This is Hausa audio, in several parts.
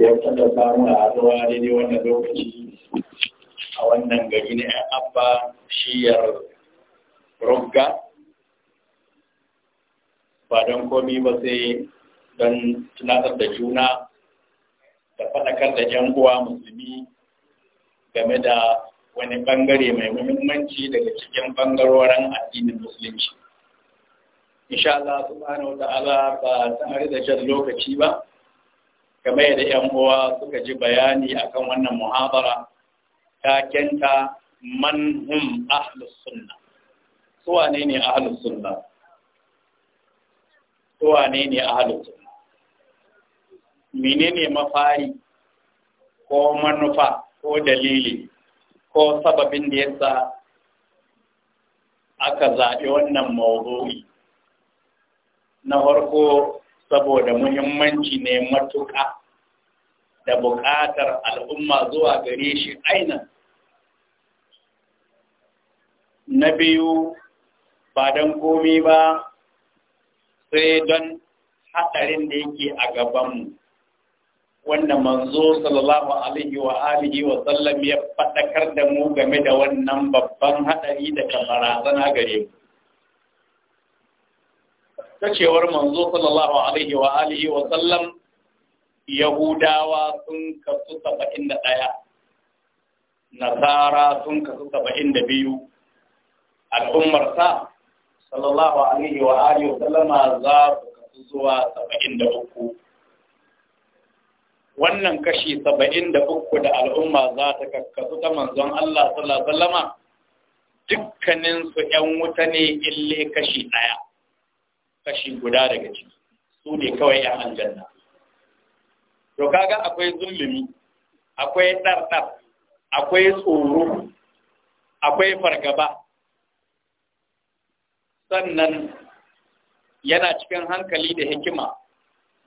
da ya taɓa samu haɗuwa daidai wannan lokaci a wannan gari na ‘yan abba shiyar rugga ba don komi ba sai don tunatar da juna da faɗakar da ‘yan uwa musulmi game da wani ɓangare mai muhimmanci daga cikin ɓangarorin addinin musulunci. Insha Allah subhanahu wa ta'ala ba tare da jan lokaci ba, kamar yadda ‘yan uwa suka ji bayani akan wannan muhabara ta kenta man ahlus sunna suwa ne ne ahlus sunna suwa ne ne ahlus sunna menene mafari ko manufa ko dalili ko sababin da yasa aka zaɓi wannan mawdu'i na farko saboda muhimmanci ne matuƙa da buƙatar al'umma zuwa gare shi aina, Na biyu ba don komi ba sai don haɗarin da yake a gabanmu, wanda manzo sallallahu Alaihi wa alihi wa sallam ya faɗakar da mu game da wannan babban haɗari daga barazana gare mu. ta cewar manzo sallallahu alaihi wa alihi wa sallam Yahudawa sun kasu saba'in da ɗaya, Nasara sun kasu saba'in da biyu, al'ummarsa, sallallahu Alaihi wa Aliyu sallama za su kasu zuwa saba'in da uku. Wannan kashi saba'in da uku da al'umma za ta kakkasu ta manzon Allah sallama dukkaninsu ‘yan wuta ne ille kashi ɗaya. kashi guda daga ciki su ne kawai ‘yan aljanna. To kaga akwai zulumi, akwai ɗarɗar, akwai tsoro, akwai fargaba. Sannan yana cikin hankali da hikima,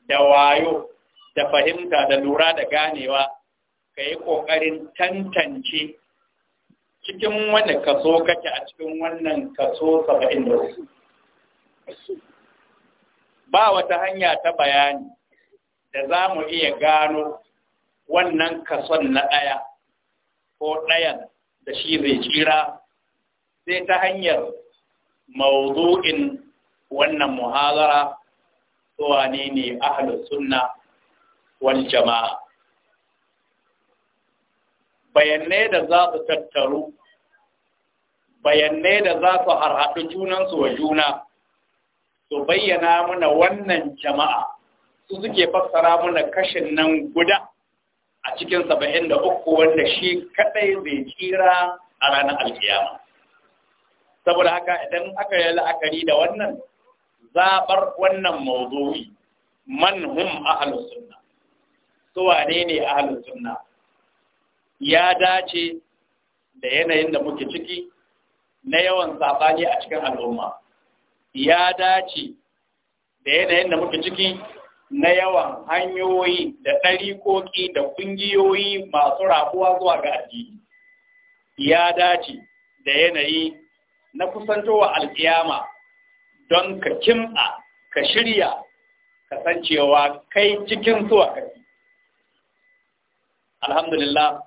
da wayo, da fahimta, da lura da ganewa, ka yi ƙoƙarin tantance cikin wani kaso kake a cikin wannan kaso saba'in da wasu. ba wata hanya ta bayani da za mu iya gano wannan kason na ɗaya ko ɗayan da shi zai tsira sai ta hanyar mawudu'in wannan muhazara zuwa ne ne ahalar sunna wal jama'a bayanai da za su tattaru bayanai da za su harhaɗu junansu wa juna su bayyana muna wannan jama'a su suke fassara muna kashin nan guda a cikin saba'in da uku wanda shi kadai zai tsira a ranar alkiyama saboda haka idan aka yi la'akari da wannan zaɓar wannan mawdu'i man a ahlus sunna su wane ne halin halittunna ya dace da yanayin da muke ciki na yawan saɓani a cikin al'umma ya dace da yanayin da muke ciki na yawan hanyoyi da ɗariƙoƙi da ƙungiyoyi masu rabuwa zuwa ga addini ya dace da yanayi na kusantowa alƙiyama don ka kim'a ka shirya kasancewa kai cikin zuwa kai alhamdulillah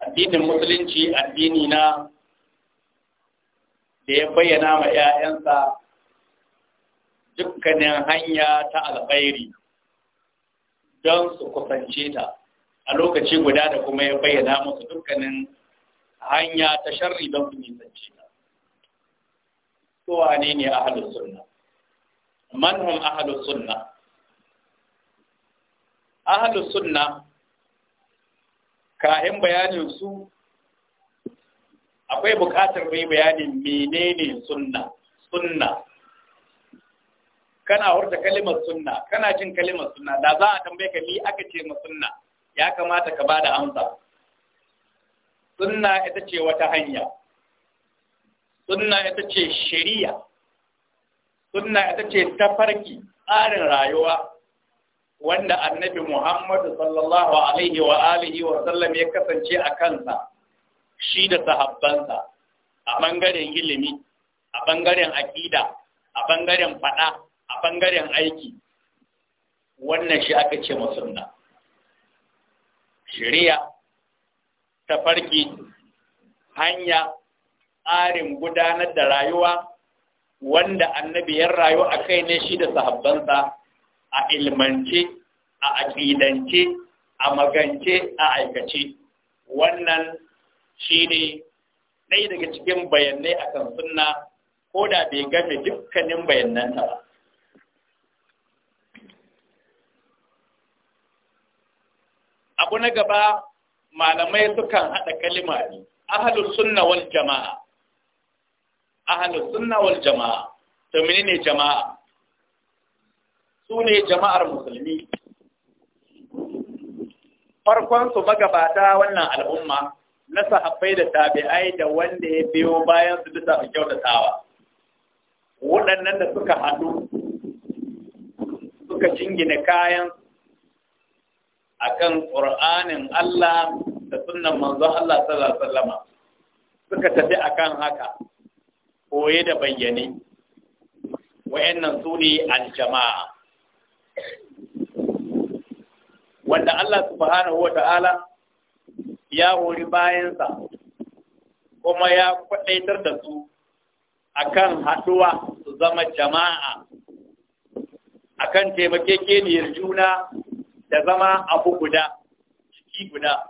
addinin musulunci addini na da ya bayyana ma 'ya'yansa dukkanin hanya ta alfairi don su kusance ta a lokaci guda da kuma ya bayyana musu dukkanin hanya ta sharri don su nisance ta kowa ne ne ahlus sunna man hum sunna Ahalus sunna kayan bayanin su akwai buƙatar mai bayanin menene sunna sunna kana hurta kalimar sunna kana jin kalimar sunna da za a tambaye ka ni aka ce ma sunna ya kamata ka bada amsa sunna ita ce wata hanya sunna ita ce shari'a sunna ita ce tafarki tsarin rayuwa wanda annabi Muhammadu sallallahu alaihi wa alihi wa sallam ya kasance a kansa shi da sahabbansa a ɓangaren ilimi a ɓangaren aƙida a ɓangaren faɗa a ɓangaren aiki wannan shi aka ce masunna shirya farki hanya tsarin gudanar da rayuwa wanda annabi ya rayu a kai ne shi da sahabbansa a ilmance a aƙidance a magance a aikace wannan Shi ne, ɗaya daga cikin bayanai a kan suna, ko da bai game dukkanin bayananta ba abu na gaba malamai sukan haɗa kalima ne ahalus suna wal jama'a ahalus suna wal jama'a to ne jama'a su ne jama'ar musulmi Farkonsu magabata wannan al'umma na sahabbai da tabi'ai da wanda ya biyo bayan su bisa ga kyautatawa waɗannan da suka haɗu suka jingina kayan akan ƙur'anin Allah da sunan manzon Allah sallallahu alaihi wasallama suka tafi akan haka koye da bayyane wayannan su ne aljama'a wanda Allah subhanahu wa ta'ala ya hori bayansa kuma ya kwaɗaitar da su kan haɗuwa su zama jama'a akan taimakekeniyar juna da zama abu guda ciki guda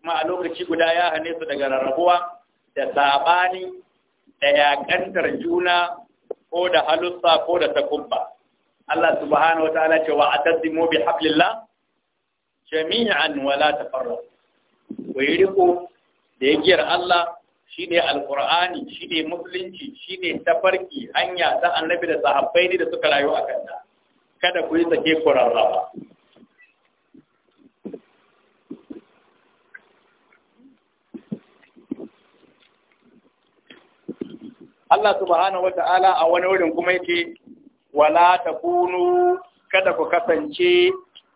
kuma a lokaci guda ya hane su daga rarrabuwa da sabani da yaƙantar juna ko da halussa ko da takubba Allah subhanahu ta'ala ce wa atasimu bi hablillah jami'an Wala, ta ku yi riko da ya Allah shi ne alkur'ani shi ne musulunci shi ne tafarki hanya ta annabi da sahabbai ne da suka rayu a kanta kada ku yi sake ku Allah subhanahu wata'ala a wani wurin kuma yake wala takunu kada ku kasance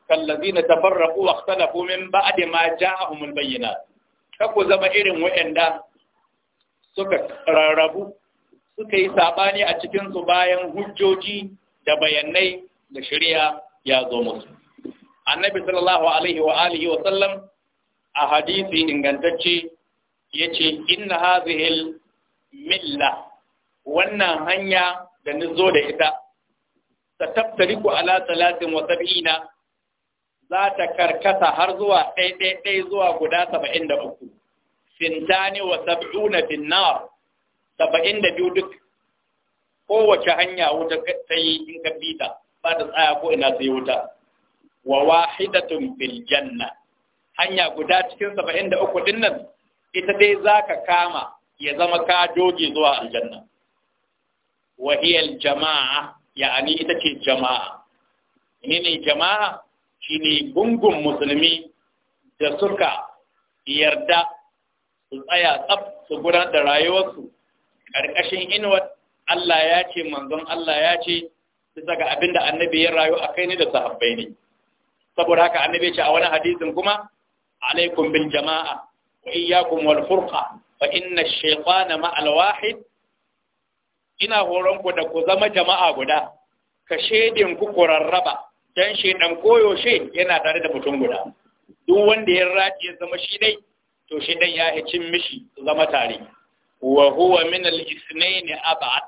kallazina tafarraqu wa ikhtalafu min ba'di ma ja'ahumul bayyinat kako zama irin wayanda suka rarrabu suka yi sabani a cikin su bayan hujjoji da bayanai da shari'a ya zo musu annabi sallallahu alaihi wa alihi wa sallam a hadisi ingantacce yace inna hadhihi milla wannan hanya da nizo da ita ta tattariku ala talatin za ta karkata har zuwa ɗaiɗaiɗai zuwa guda saba'in da uku sintani wa sab'una finnar saba'in da biyu duk kowace hanya wuta ta yi in ka ta ba ta tsaya ko ina yi wuta wa wahidatun fil janna hanya guda cikin saba'in da uku dinnan ita dai za ka kama ya zama ka doge zuwa aljanna wa jama'a ya'ani ita ce jama'a ni ne jama'a shine gungun musulmi da suka yarda su tsaya tsab, su gudanar da rayuwarsu ƙarƙashin inuwar Allah ya ce manzon Allah ya ce su saka abin da annabi ya rayu a kai ne da sahabbai ne saboda haka annabi ce a wani hadisin kuma alaikum bil jama'a wa iyyakum wal furqa fa inna ash-shaytana wahid ina horon ku da ku zama jama'a guda ka shedin ku kurarraba dan shi koyo koyaushe yana tare da mutum guda duk wanda ya rati ya zama shi dai to shi dan ya hicin mishi zama tare wa huwa min al ithnain ab'ad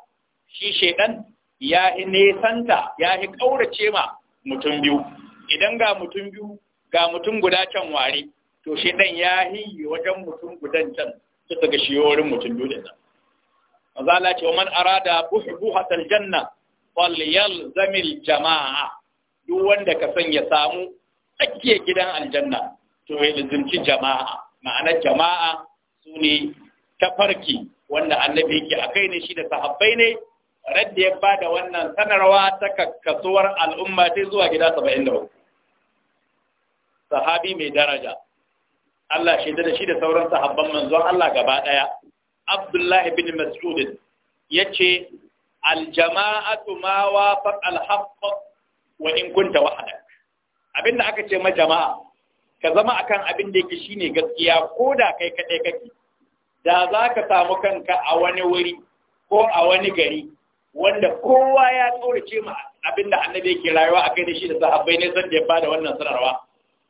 shi shedan ya hi nesanta ya hi kaurace ma mutum biyu idan ga mutum biyu ga mutum guda can ware to shi dan ya hi wajen mutum gudan can suka ga shi wurin mutum biyu da nan maza ce wa man arada buhbuhatal janna zamil jama'a duk wanda ka san ya samu tsakiyar gidan aljanna to ya lizinci jama'a ma'ana jama'a su ne tafarki wanda annabi yake a kai ne shi da sahabbai ne radda ya ba da wannan sanarwa ta kakkasuwar al'umma sai zuwa gida saba'in da sahabi mai daraja Allah shi da shi da sauran sahabban manzon Allah gaba ɗaya Abdullah ibn Mas'ud yace al jama'atu ma wafaq al haqq wa in kunta wahada abinda aka ce ma jama'a ka zama akan abin da yake shine gaskiya ko da kai kaɗai kake da za ka samu kanka a wani wuri ko a wani gari wanda kowa ya tsorace ma abin da annabi yake rayuwa a kai da shi da sahabbai ne san da ya bada wannan sanarwa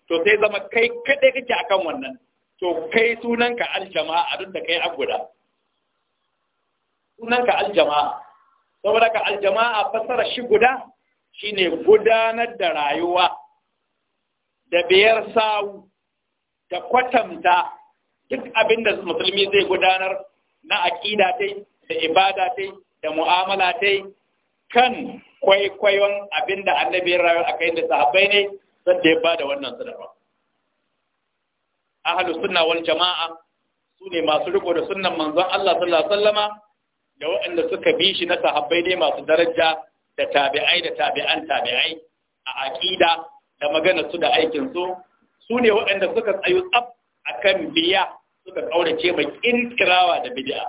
to sai zama kai kaɗai kake akan wannan to kai sunanka aljama'a a duk da kai aguda sunanka aljama'a saboda ka aljama'a fasara shi guda shine gudanar da rayuwa da biyar sawu da kwatanta duk abin da musulmi zai gudanar na aƙida dai da ibada dai da mu'amala dai kan kwaikwayon abin da annabi ya rayu a kai da sahabbai ne da ya ba da wannan sadafa Ahalu sunna wal jama'a su ne masu riko da sunnan manzon Allah sallallahu alaihi wasallama da waɗanda suka bi shi na sahabbai ne masu daraja da tabi'ai da tabi'an tabi'ai a aƙida da magana su da aikin su su ne waɗanda suka tsayu tsaf kan biya suka kaurace mai ƙirƙirawa da bid'a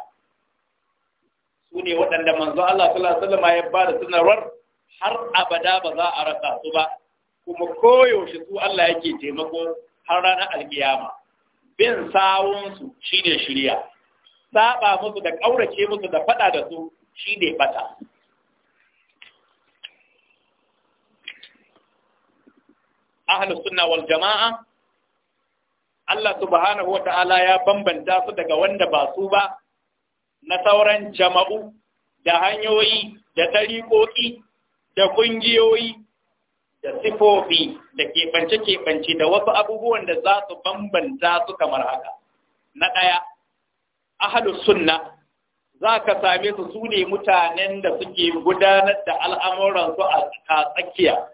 su ne waɗanda manzo Allah sallallahu alaihi wasallam ya bada sanarwar har abada ba za a rasa su ba kuma koyaushe su Allah yake taimako har ranar alkiyama bin su shine shirya saba musu da ƙaurace musu da faɗa da su shine bata ahlu sunna wal jama'a Allah subhanahu wa ta'ala ya bambanta su daga wanda ba su ba na sauran jama'u da hanyoyi da tariƙoƙi da ƙungiyoyi da sifofi da keɓance-keɓance da wasu abubuwan da za su bambanta su kamar haka. Na ɗaya, ahlu sunna za ka same su su ne mutanen da suke gudanar da al'amuransu a tsakiya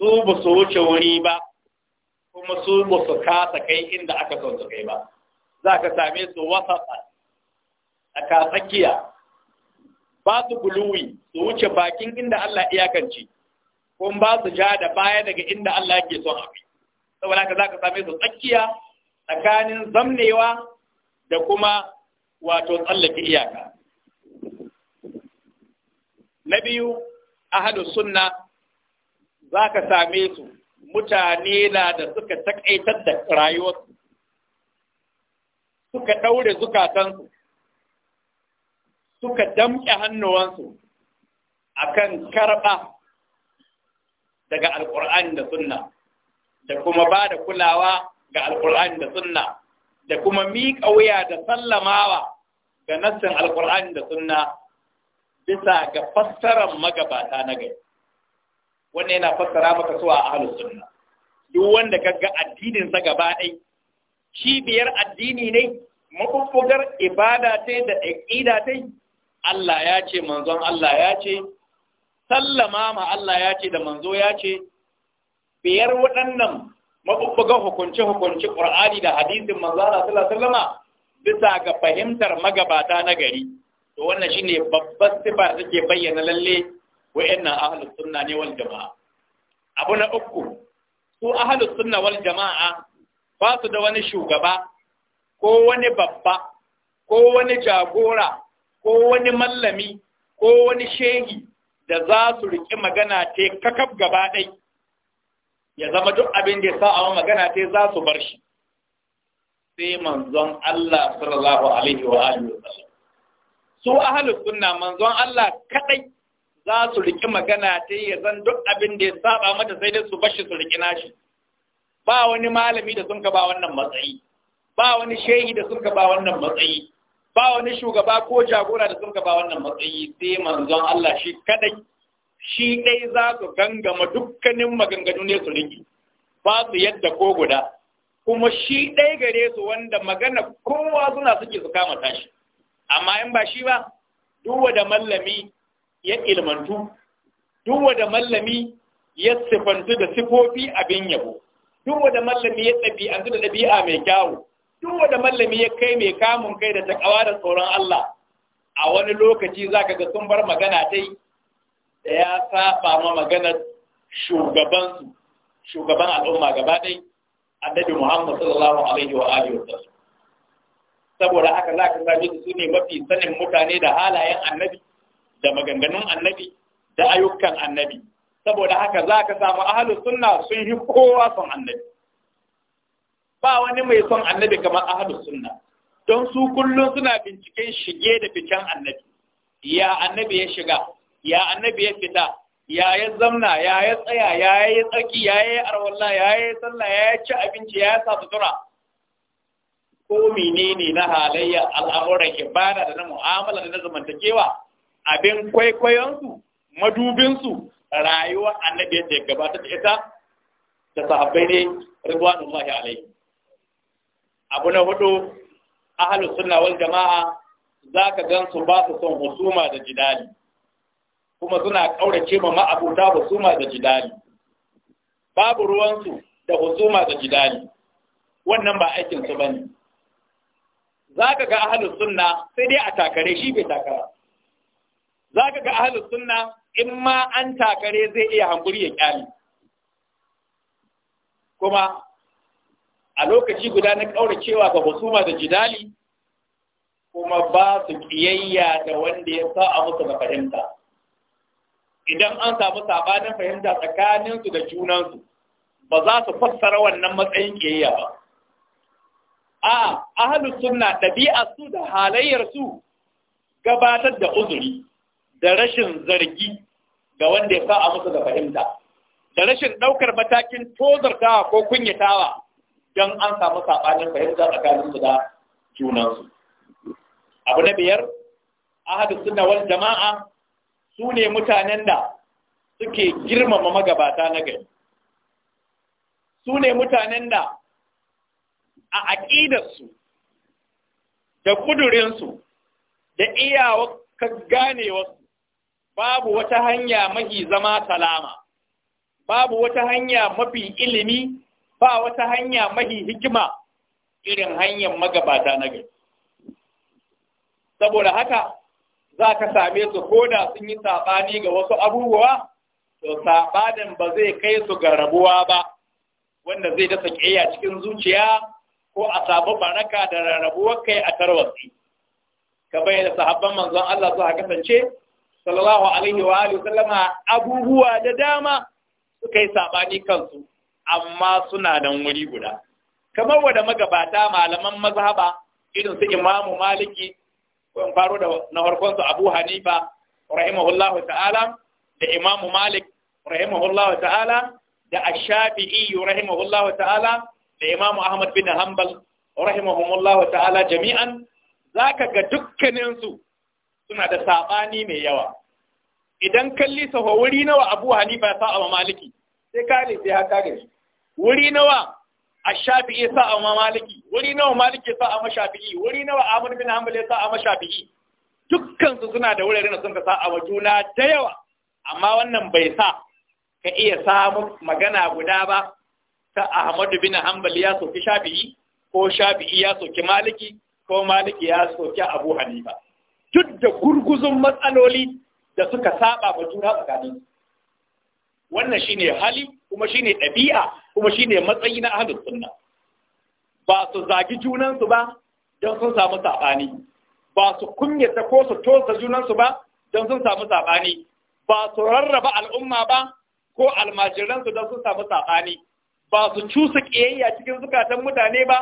su ba su wuce wuri ba kuma su ba su kasa kai inda aka son su kai ba za ka same su wasa a tsakiya ba su guluwi su wuce bakin inda Allah iyakanci kuma ba su ja da baya daga inda Allah yake son Sau saboda haka za ka same su tsakiya tsakanin zamnewa da kuma wato tsallake iyaka na biyu ahadu sunna za ka same su mutane na da suka takaitar da rayuwarsu suka ɗaure zukatansu suka damƙe hannuwansu a kan karɓa daga alƙur'ani da sunna da kuma ba da kulawa ga alƙur'ani da sunna da kuma miƙa wuya da sallamawa ga nassin alƙur'ani da sunna bisa ga fassarar magabata na gari wannan yana fassara maka suwa a ahlus sunna duk wanda kaga addinin sa gaba ɗai biyar addini ne mafuffugar ibada ta da aqida ta Allah ya ce manzon Allah ya ce sallama ma Allah ya ce da manzo ya ce biyar waɗannan mabubbugan hukunce-hukunce ƙur'ani da hadisin manzana sallama bisa ga fahimtar magabata na gari to wannan shine babbar sifa da take bayyana lalle wa'annan ahalus sunna ne wal jama'a abu na uku su ahalus sunna wal jama'a ba su da wani shugaba ko wani babba ko wani jagora ko wani mallami ko wani shehi da za su riƙi magana te kakab gaba ɗai ya zama duk abin da ya sa a magana te za su bar shi sai manzon Allah sallallahu alaihi wa alihi wa sallam su ahlus sunna manzon Allah kadai za su riƙi magana ta yi zan duk abin da ya saba mata sai dai su bashi su riƙi nashi ba wani malami da sun ka ba wannan matsayi ba wani shehi da sun ka ba wannan matsayi ba wani shugaba ko jagora da sun ka ba wannan matsayi sai manzon Allah shi kadai shi dai za su gangama dukkanin maganganu ne su riƙi, ba su yadda ko guda kuma shi ɗaya gare su wanda magana kowa suna suke su kama tashi amma in ba shi ba Duwa da mallami ya ilmantu duk wanda mallami ya sifantu da sifofi abin yabo duk wanda mallami ya ɗabi'antu da ɗabi'a mai kyawu duk wanda mallami ya kai mai kamun kai da takawa da tsoron Allah a wani lokaci zaka ga sun bar magana tai da ya saba ma maganar shugabansu shugaban al'umma gaba dai annabi Muhammad sallallahu alaihi wa alihi wasallam saboda haka za ka same su ne mafi sanin mutane da halayen annabi da maganganun annabi da ayyukan annabi saboda haka za ka samu ahalus sunna sun yi kowa son annabi ba wani mai son annabi kamar ahalus sunna don su kullum suna binciken shige da fitan annabi ya annabi ya shiga ya annabi ya fita ya ya zamna ya ya tsaya ya ya tsaki ya ya arwalla ya ya sallah ya ya ci abinci ya ya sa sutura ko menene na halayya al'amuran ibada da na mu'amala da na zamantakewa abin kwaikwayonsu madubinsu rayuwa annabi yadda ya gabata da ita da sahabbai ne ridwanullahi alaihi abu na hudu ahalu suna wal jama'a ka gan su ba su son husuma da jidali kuma suna ƙaurace ma ma'abuta husuma da jidali babu ruwansu da husuma da jidali wannan ba aikinsu ba ne. Za ka ga ahlu suna sai dai a takare shi bai takara za ka ga ahalus sunna in ma an takare zai iya hankuri ya kyale kuma a lokaci guda na ƙaura cewa ga husuma da jidali kuma ba su ƙiyayya da wanda ya sa a musu da fahimta idan an samu sabanin fahimta tsakaninsu da junansu ba za su fassara wannan matsayin ƙiyayya ba a ahalus sunna ɗabi'ar su da halayyar su gabatar da uzuri da rashin zargi ga wanda ya sa musu da fahimta da rashin ɗaukar matakin tozartawa ko kunyatawa don an samu saɓanin fahimta tsakaninsu da junansu abu na biyar ahadu suna wani jama'a su ne mutanen da suke girmama magabata na gari su ne mutanen da a aƙidarsu da ƙudurinsu da iyawa ka ganewa babu wata hanya mafi zama salama babu wata hanya mafi ilimi ba wata hanya mafi hikima irin hanyar magabata na gari saboda haka za ka same su ko da sun yi saɓani ga wasu abubuwa to saɓanin ba zai kai su ga rabuwa ba wanda zai dasa ƙiyayya cikin zuciya ko a samu baraka da rarrabuwar kai a tarwatsi ka bayyana sahabban manzon Allah suka kasance sallallahu alaihi wa alihi sallama abubuwa da dama suka yi sabani kansu amma suna nan wuri guda kamar wanda magabata malaman mazhaba irin su Imam Maliki ko in faro da na farkon su Abu Hanifa rahimahullahu ta'ala da Imam Malik rahimahullahu ta'ala da Ash-Shafi'i rahimahullahu ta'ala da Imam Ahmad bin Hanbal rahimahumullahu ta'ala jami'an zaka ga dukkaninsu suna da saɓani mai yawa idan kalli saho wuri nawa abu hanifa ya sa'a maliki sai kare sai ha kare wuri nawa a shafi'i sa'a ma maliki wuri nawa maliki sa'a a shafi'i wuri nawa ahmad bin hanbal ya sa'a ma shafi'i dukkan su suna da wuraren na sun ka sa'a wa juna da yawa amma wannan bai sa ka iya samu magana guda ba ta Ahmadu bin hanbal ya soki shafi'i ko shafi'i ya soki maliki ko maliki ya soki abu hanifa da gurguzun matsaloli da suka saba ma juna tsakanin wannan shine hali kuma shine ɗabi'a kuma shine matsayi na ahalin sunna ba su zagi junansu ba don sun samu saɓani ba su kunyata ko su tosa junansu ba don sun samu saɓani ba su rarraba al'umma ba ko almajiransu don sun samu saɓani ba su cusa ƙiyayya cikin zukatan mutane ba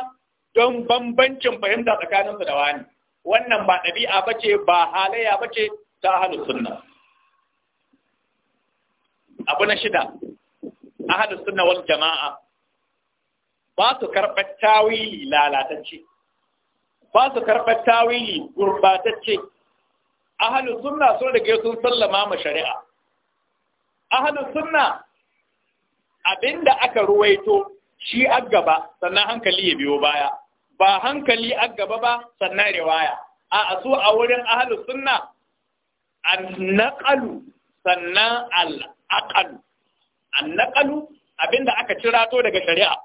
don bambancin fahimta tsakaninsu da wani. wannan ba ɗabi'a ba ce ba halayya ba ce ta ahalus sunna abu na shida ahalus suna wani jama'a ba su karɓar tawili lalatacce ba su karɓar tawili gurbatacce ahalus sunna sun rage sun sallama ma shari'a ahalus sunna abinda aka ruwaito shi aggaba gaba sannan hankali ya biyo baya ba hankali a gaba ba sannan riwaya a su a wurin ahalu sunna an naƙalu sannan al'aƙalu an naƙalu abinda aka cirato daga shari'a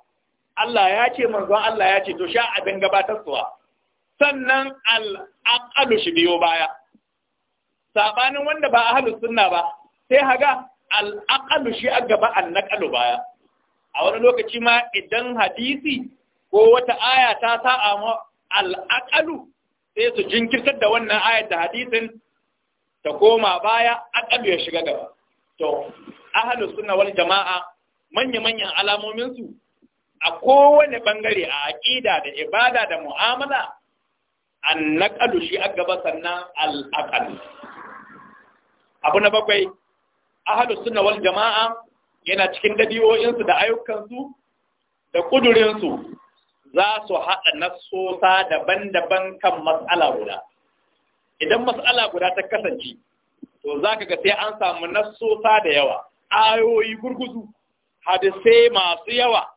Allah ya ce manzon Allah ya ce to sha abin gabatarsuwa sannan al'aƙalu shi biyo baya sabanin wanda ba ahalu sunna ba sai haga al'aƙalu shi a gaba an naƙalu baya a wani lokaci ma idan hadisi ko wata aya ta sa'a ma al'aqalu sai su jinkirtar da wannan ayar da hadisin ta koma baya aqalu ya shiga gaba to ahlus sunna wal jama'a manya manyan alamomin a kowane ɓangare a aqida da ibada da mu'amala an naqalu shi a gaba sannan al'aƙalu. abu na bakwai ahlus sunna wal jama'a yana cikin ɗabi'o'insu, da ayyukansu da ƙudurinsu za su haɗa nassosa daban-daban kan mas'ala guda idan mas'ala guda ta kasance to za ka ga sai an samu nassosa da yawa ayoyi gurguzu hadisai masu yawa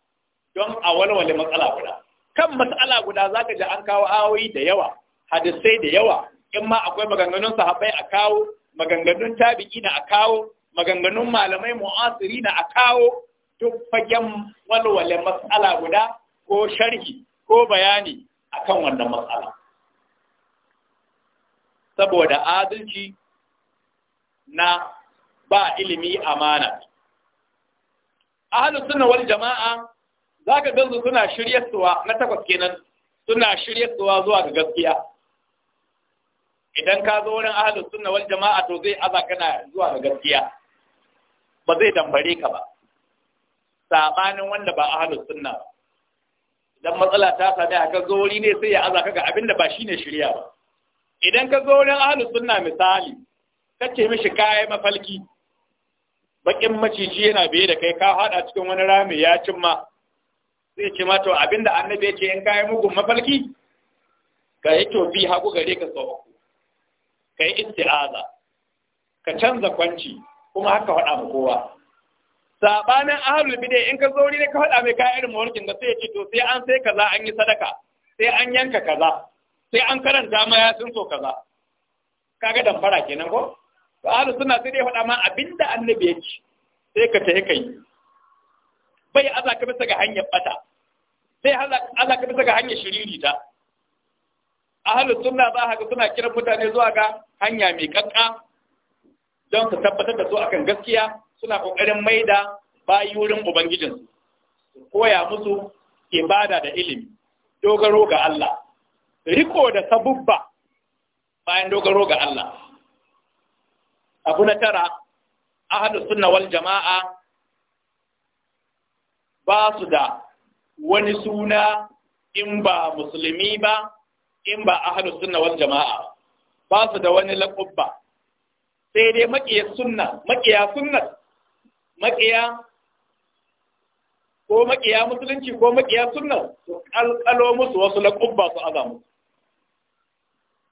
don a walwale matsala guda kan matsala guda za ka ji an kawo ayoyi da yawa hadisai da yawa in ma akwai maganganun sahabbai a kawo maganganun tabi'i na a kawo maganganun malamai mu'asiri na a kawo duk fagen walwale matsala guda ko sharhi ko bayani akan wannan matsala saboda adalci na ba ilimi amana ahlus sunna wal jama'a zaka gansu suna shiryarsuwa na takwas kenan suna shiryarsuwa zuwa ga gaskiya idan ka zo wurin ahlus sunna wal jama'a to zai aza kana zuwa ga gaskiya ba zai dambare ka ba sabanin wanda ba ahlus sunna ba dan matsala ta same ka ka zo ne sai ya azaka ga abin da ba shine shirya ba idan ka zo wurin ahlu sunna misali kace mishi kai mafalki bakin maciji yana biye da kai ka hada cikin wani rami ya cimma Zai ce ma to abinda annabi ya ce in kai mugun mafalki ka yi tofi hagu gare ka tsawo. ka yi isti'aza ka canza kwanci kuma haka faɗa ma kowa sabanin ahlul bid'a in ka zo ne ka faɗa mai kayan irin mawarkin da sai ya ce to sai an sai kaza an yi sadaka sai an yanka kaza sai an karanta ma ya sun so kaza kaga damfara kenan ko to ahlus suna sai dai faɗa ma abinda annabi ya ce sai ka ta kai bai ka bisa ga hanyar bata sai ka bisa ga hanyar shiririta ahalu sunna za ka suna kiran mutane zuwa ga hanya mai kakka don su tabbatar da su akan gaskiya suna ƙoƙarin maida bayi wurin ubangijinsu su koya musu ibada da ilimi dogaro ga Allah riko da sabubba bayan dogaro ga Allah abu na tara ahadu suna wal jama'a ba su da wani suna in ba musulmi ba in ba ahadu suna wal jama'a ba su da wani laƙubba sai dai maƙiya sunna makiya sunna maƙiya ko maƙiya musulunci ko maƙiya sunna su ƙalƙalo musu wasu laƙubba su aza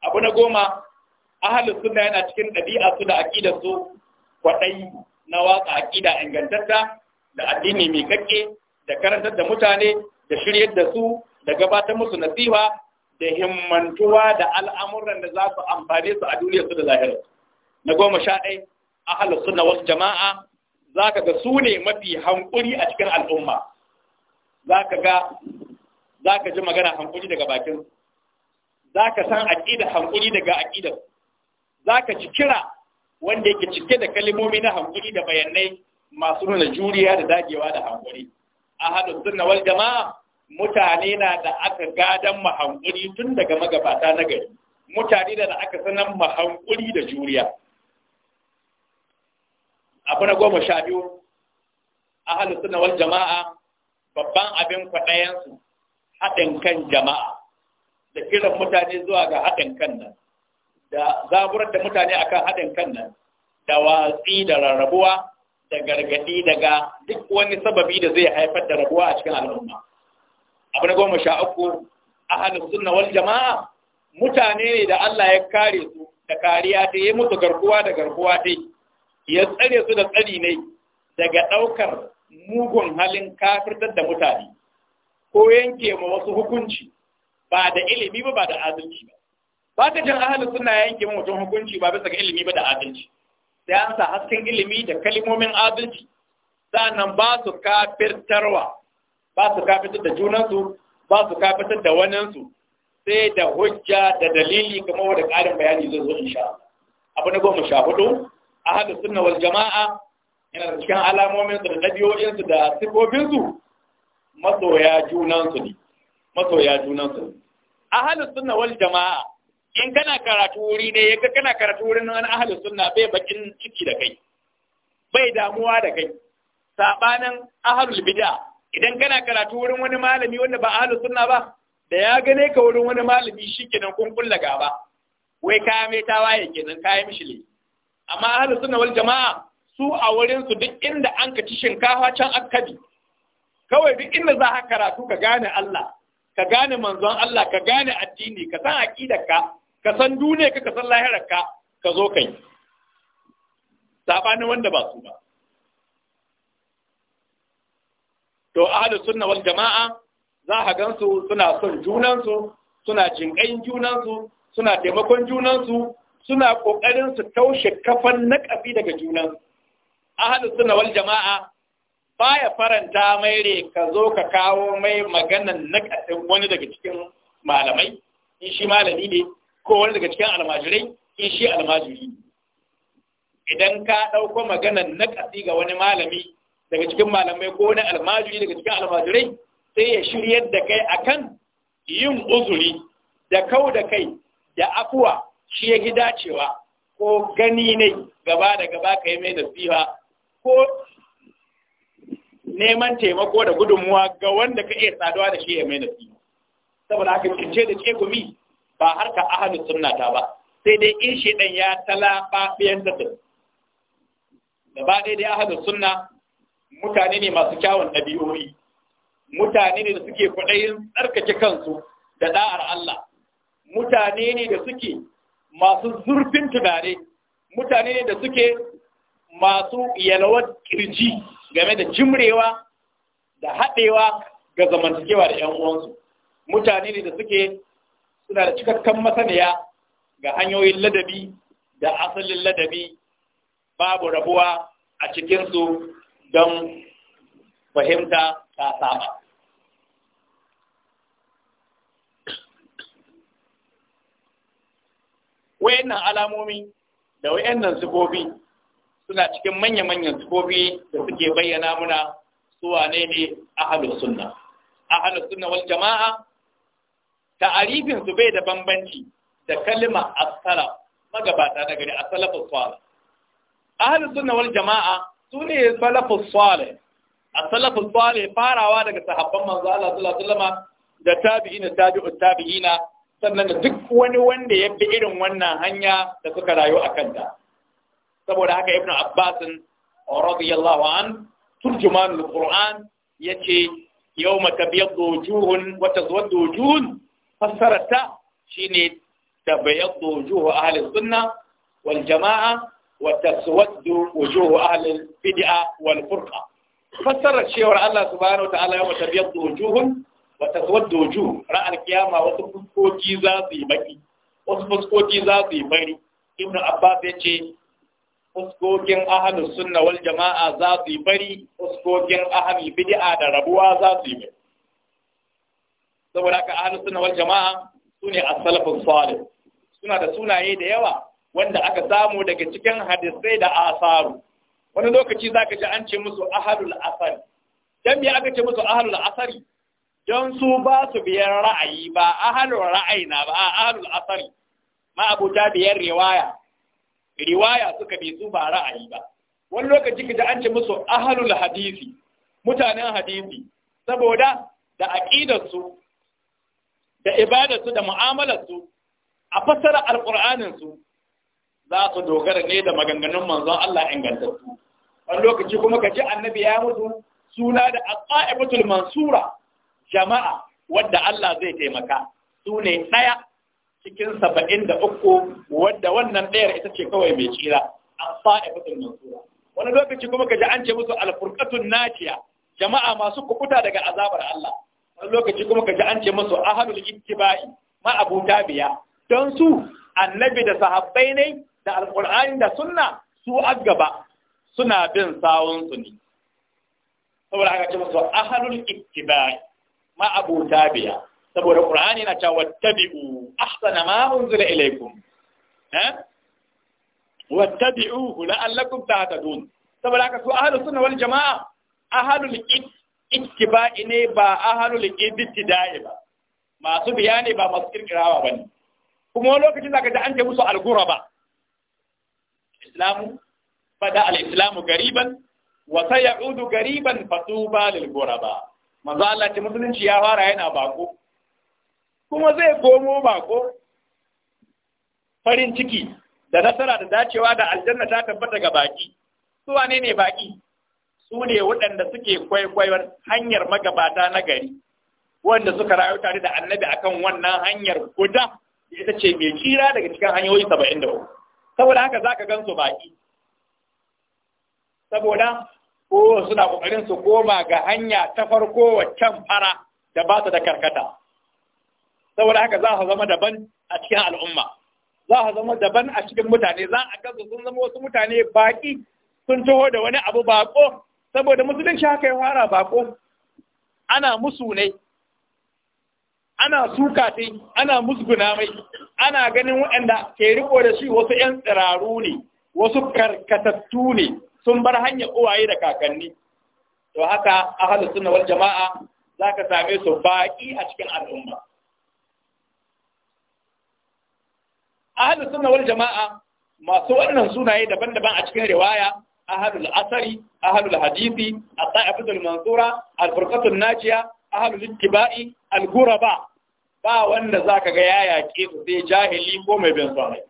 abu na goma ahalin sunna yana cikin ɗabi'a su da aƙida su kwaɗayi na watsa aƙida ingantatta da addini mai kakke da karantar da mutane da shiryar da su da gabatar musu nasiha da himmantuwa da al'amuran da za su amfane su a su da zahirar na goma sha ɗai ahalin sunna wasu jama'a za ka ga su ne mafi hankuri a cikin al'umma za ka ga za ka ji magana hankuri daga bakin za ka san aƙida hankuri daga aƙidar za ka ci kira wanda yake cike da kalimomi na hankuri da bayanai masu nuna juriya da dagewa da hankuri a hadu sunna wal jama'a mutane na da aka gadan mahankuri tun daga magabata na gari mutane da aka sanar mahankuri da juriya abu na goma sha biyu a halin sunna wani jama'a babban abin kwaɗayensu haɗin kan jama'a da kiran mutane zuwa ga haɗin kan nan da zaburar da mutane akan haɗin kan nan da watsi da rarrabuwa da gargaɗi daga duk wani sababi da zai haifar da rabuwa a cikin al'umma abu na goma sha uku a halin sunna wani jama'a mutane ne da Allah ya kare su da kariya ta yi musu garkuwa da garkuwa ta yi ya tsare su da tsari ne daga ɗaukar mugun halin kafirtar da mutane ko yanke ma wasu hukunci ba da ilimi ba ba da adalci ba ba ta jin ahalin suna yanke mutum hukunci ba bisa ga ilimi ba da adalci sai an sa hasken ilimi da kalimomin adalci sannan ba su kafirtarwa ba su kafirtar da junansu ba su kafirtar da waninsu sai da hujja da dalili kamar wadda ƙarin bayani zai zo insha abu na goma sha hudu haɗa sunna wal jama'a yana da cikin alamomin su da dabi'o'in da sifofinsu masoya junansu ne masoya ne a haɗa sunna wal jama'a in kana karatu wuri ne ya kana karatu wurin wani ahadu suna bai bakin ciki da kai bai damuwa da kai sabanin ahlul bid'a idan kana karatu wurin wani malami wanda ba ahlus suna ba da ya gane ka wurin wani malami kenan kun kulla gaba wai kaya mai tawaye kenan kaya mishi lai amma ahlus sunna wal jama'a su a wurin su duk inda an ka ci shinkafa can akabi kawai duk inda za ka karatu ka gane Allah ka gane manzon Allah ka gane addini ka san aqidar ka san duniya ka ka san lahirarka ka zo kai sabanin wanda ba su ba to ahlus sunna wal jama'a za a gansu suna son junansu suna jinƙayin junansu suna taimakon junansu suna ƙoƙarin su taushe kafan na ƙafi daga junan haɗu suna wal jama'a baya faranta mai re ka zo ka kawo mai maganan naƙafin wani daga cikin malamai in shi malami ne ko wani daga cikin almajirai in shi almajiri idan ka ɗauko maganan ƙasi ga wani malami daga cikin malamai ko wani almajiri daga cikin almajirai sai ya shiryar da kai akan yin uzuri da kau da kai da afuwa shi ya gida cewa ko gani ne gaba da gaba ka yi mai nasiha ko neman taimako da gudunmuwa ga wanda ka iya saduwa da shi ya mai nasiha saboda haka cince da ce gumi ba harka ahalus sunna ta ba sai dai in shi ɗan ya talaba biyan da gaba ɗaya dai ahalus sunna mutane ne masu kyawun ɗabi'o'i mutane ne da suke kwaɗayin tsarkake kansu da da'ar Allah mutane ne da suke masu zurfin tunare mutane ne da suke masu yalwar kirji game da jimrewa da haɗewa ga zamantakewa da 'yan uwansu mutane ne da suke suna da cikakken masaniya ga hanyoyin ladabi da asalin ladabi babu rabuwa a cikinsu don fahimta ta saba wayannan alamomi da wayannan sifofi suna cikin manya-manyan sifofi da suke bayyana muna su wane ne ahlus sunna ahlus sunna wal jama'a ta'arifin su bai da bambanci da kalma as magabata daga da as-salafus salih ahlus sunna wal jama'a sune salafus salih as-salafus salih farawa daga sahabban manzo Allah sallallahu alaihi wasallam da tabi'ina tabi'u tabi'ina sannan duk wani wanda ya bi irin wannan hanya da suka rayu a kanta saboda haka ibn abbas radiyallahu an turjuman alquran yace yawma tabyaddu wujuhun wa tazwaddu wujuhun fassarata shine tabyaddu wujuhu ahli sunna wal jamaa wa taswaddu wujuhu ahli bid'a wal furqa fassara cewar Allah subhanahu wa ta'ala yawma tabyaddu wujuhun wata tawadda wuju ra'ar kiyama wasu fuskoki za su yi baki wasu fuskoki za su yi bari ibnu abbas ya ce fuskokin Ahadu sunna wal jama'a za su yi bari fuskokin ahlul bid'a da rabuwa za su yi bari saboda haka Ahadu sunna wal jama'a ne as-salafus salih suna da sunaye da yawa wanda aka samu daga cikin hadisai da asaru wani lokaci zaka ji an ce musu ahlul asari dan me aka ce musu ahlul asari don su ba su biyar ra'ayi ba ahalul na ba ahalul asali ma abuta biyar riwaya riwaya suka bi su ba ra'ayi ba wani lokaci kaji an ce musu ahalul hadisi mutanen hadisi saboda da aqidarsu da ibadarsu da mu'amalarsu a fasara alqur'anin su za su dogara ne da maganganun manzon Allah ingantattu wani lokaci kuma kaji annabi ya mutu suna da aqaibatul mansura jama'a wadda Allah zai taimaka su ne ɗaya cikin saba'in da uku wadda wannan ɗayar ita ce kawai mai tsira an fa'ifatun mansura wani lokaci kuma ka ji an ce musu alfurkatun najiya jama'a masu kukuta daga azabar Allah wani lokaci kuma ka ji an ce musu ahlul ittiba'i ma abuta biya don su annabi da sahabbai ne da alƙur'ani da sunna su agaba. suna bin sawunsu ne saboda haka ce musu ahlul ittiba'i ma'abuta biya saboda qur'ani na cewa tabi'u ahsana ma unzila ilaykum eh wattabi'uhu la'allakum tahtadun saboda haka su ahlus sunna wal jama'a ahlul ittiba'i ne ba ahlul ibtida'i ba masu biya ba masu kirkirawa bane kuma wani lokacin zaka ji an ce musu al-ghuraba islamu fada al-islamu gariban wa sayaudu gariban fatuba lil-ghuraba manzo Allah ce musulunci ya fara yana bako kuma zai komo bako farin ciki da nasara da dacewa da aljanna ta tabbata ga baki su wane ne baki su ne waɗanda suke kwaikwayar hanyar magabata na gari wanda suka rayu tare da annabi akan wannan hanyar guda ita ce mai kira daga cikin hanyoyi saba'in da saboda haka za ka gan su baki saboda ko suna kokarin su koma ga hanya ta farko waccan fara da ba ta da karkata saboda haka za su zama daban a cikin al'umma za su zama daban a cikin mutane za a kansu sun zama wasu mutane baki sun taho da wani abu bako saboda musulunci haka ya fara bako ana musu ne ana suka ta ana musguna mai ana ganin waɗanda ke riko da shi wasu ‘yan tsiraru ne wasu karkatattu ne sun bar hanyar uwaye da kakanni to haka ahlus sunna wal jama'a zaka same su baki a cikin al'umma ahlus sunna wal jama'a masu wannan sunaye daban-daban a cikin riwaya ahlul asari ahlul hadisi at-ta'ifatul mansura al an najiya ahlul ittiba'i al-ghuraba ba wanda zaka ga ya yaƙe su sai jahili ko mai bin sunna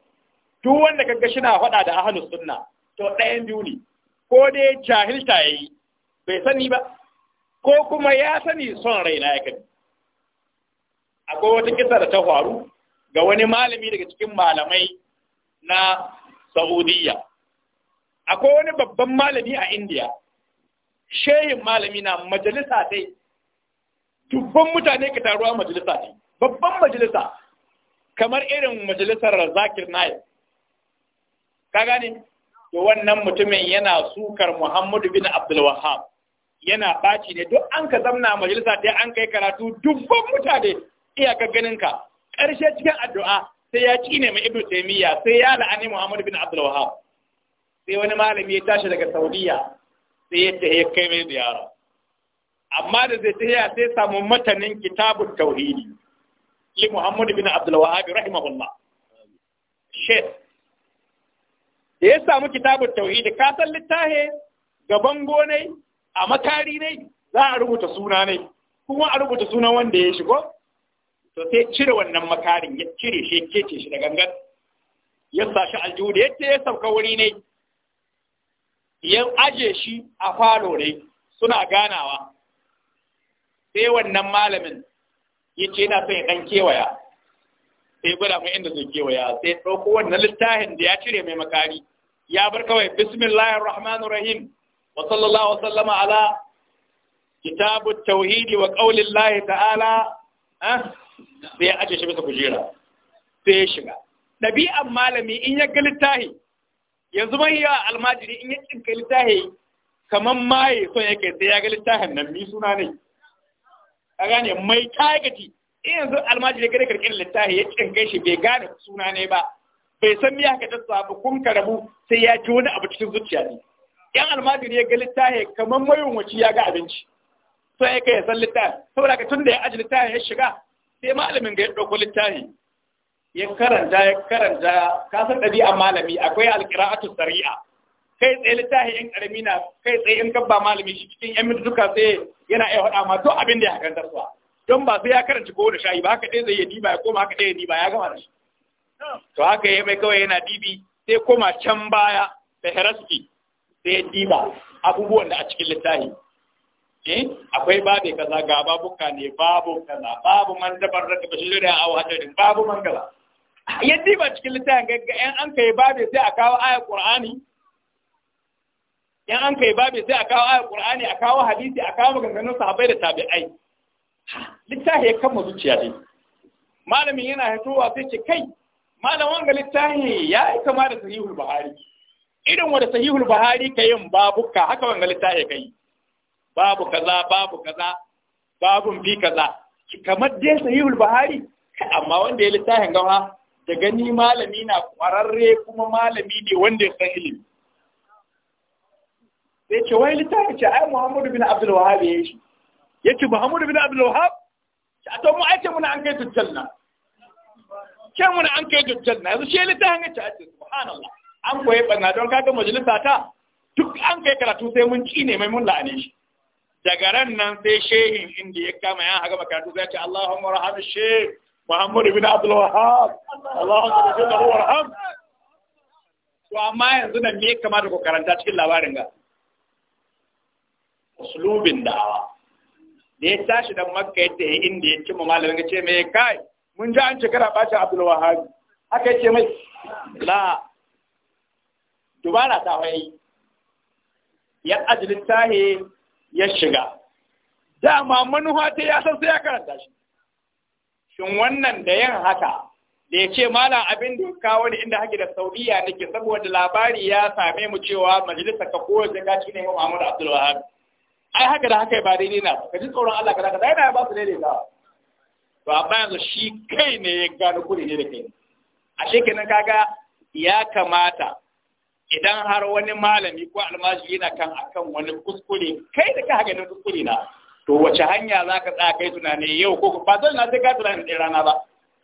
duk wanda kaga shi na faɗa da ahlus sunna to ɗayan biyu ne ko dai cahilta ya yi bai sani ba ko kuma ya sani son raina ya kai akwai wata kisa da ta faru ga wani malami daga cikin malamai na saudiya akwai wani babban malami a indiya shehin malami na majalisa dai dubban mutane ka taruwa majalisa dai babban majalisa kamar irin majalisar zakir naik ka gane to wannan mutumin yana sukar Muhammadu bin Abdul Wahhab yana baci ne duk an ka zamna majalisa dai an kai karatu dubban mutane iyaka ganin ka karshe cikin addu'a sai ya ci ne mai Ibn Taymiyyah sai ya la'ani Muhammadu bin Abdul Wahhab sai wani malami ya tashi daga Saudiya sai ya tafi kai mai ziyara amma da zai tafi sai samu matanin kitabun tauhidi li Muhammadu bin Abdul Wahhab rahimahullah Sheikh da ya samu kitabun tauhidi ka san littahe gaban gonai a makari ne za a rubuta suna ne kuma a rubuta sunan wanda ya shigo to sai cire wannan makarin ya cire shi ya kece shi da gangan ya sa shi aljihu da yadda ya sauka wuri ne ya aje shi a falo ne suna ganawa sai wannan malamin ya ce yana son ya dan kewaya sai gwada mu inda zai kewaya sai ɗauko wannan littafin da ya cire mai makari ya bar kawai bismillahir rahmanir rahim wa sallallahu sallama ala kitabu tauhidi wa qaulin lahi ta'ala sai ya ajiye shi bisa kujera sai ya shiga ɗabi'an malami in ya ga littahi yanzu mai yawa almajiri in ya tsinka littahi kamar maye son yake sai ya ga littahin nan ni suna ne a gane mai kayagaci in yanzu almajiri gare karkin littahi ya tsinka shi bai gane suna ne ba bai san miya ka ta ba kun karabu sai ya ji wani abu cikin zuciya ne yan almajiri ya ga littafi kamar mayunwaci ya ga abinci sai ya kai ya san littafi saboda ka tunda ya aji littafi ya shiga sai malamin ga ya ɗauko littafi ya karanta ya karanta ka san ɗabi'a malami akwai alƙira'atu sari'a kai tsaye littafi yan ƙarami na kai tsaye in gabba malami shi cikin yan mintuka sai yana iya faɗa ma to abin da ya hakan don ba sai ya karanta ko da shayi ba haka ɗaya zai yi diba ya koma haka ɗaya diba ya gama da shi to haka ya mai kawai yana dibi sai koma can baya da heraski sai ya diba abubuwan da a cikin littafi eh akwai babu kaza ga babu ka ne babu kaza babu man dabar da bashi da a wajen babu man kaza ya diba cikin littafin ga yan an kai babu sai a kawo ayat qur'ani yan an kai babu sai a kawo ayat qur'ani a kawo hadisi a kawo maganganun sahabbai da tabi'ai littafi ya kama zuciya dai malamin yana hitowa sai ce kai malam wanga littafi ya yi kama da sahihul buhari irin wanda sahihul buhari ka yin babuka haka wanga littafi ka yi babu kaza babu kaza babun bi kaza kamar dai sahihul buhari amma wanda ya littafin gawa da gani malami na kwararre kuma malami ne wanda ya san ilimi sai ce wai littafi ce ai muhammadu bin abdul wahab ya yi shi ya ce muhammadu bin abdul wahab ta to mu aike muna an kai nan kyan wani an kai dajjal na yanzu shi ta hanga ta ce subhanallah an koyi banna don kaga majalisa ta duk an kai karatu sai mun ci ne mai mun la'ane shi daga ran nan sai shehin inda ya kama ya haga makaratu zai ce Allahumma rahmi sheh Muhammad ibn Abdul Wahhab Allahumma rahmi warham to amma yanzu nan me da ku karanta cikin labarin ga uslubin da'awa da ya tashi dan makka yadda inda ya cimma malamin ya ce me kai mun ji an shekara bacin abdul wahabi haka ce mai la dubara ta wai ya ajilin tahe ya shiga dama manufa ta ya san sai ya karanta shi shin wannan da yin haka da ya ce malam abin da kawo wani inda hake da saudiya nake saboda labari ya same mu cewa majalisa ka koyar da gaci ne ga Abdul Wahab ai haka da haka ba ne na ka ji tsoron Allah ka kaza yana ba su daidai to amma yanzu shi kai ne ya gano kuri ne da kai ashe kenan kaga ya kamata idan har wani malami ko almaji yana kan akan wani kuskure kai da ka ganin kuskure na to wace hanya za ka tsaya kai tunani yau ko ba zan sai ka tunani ɗin rana ba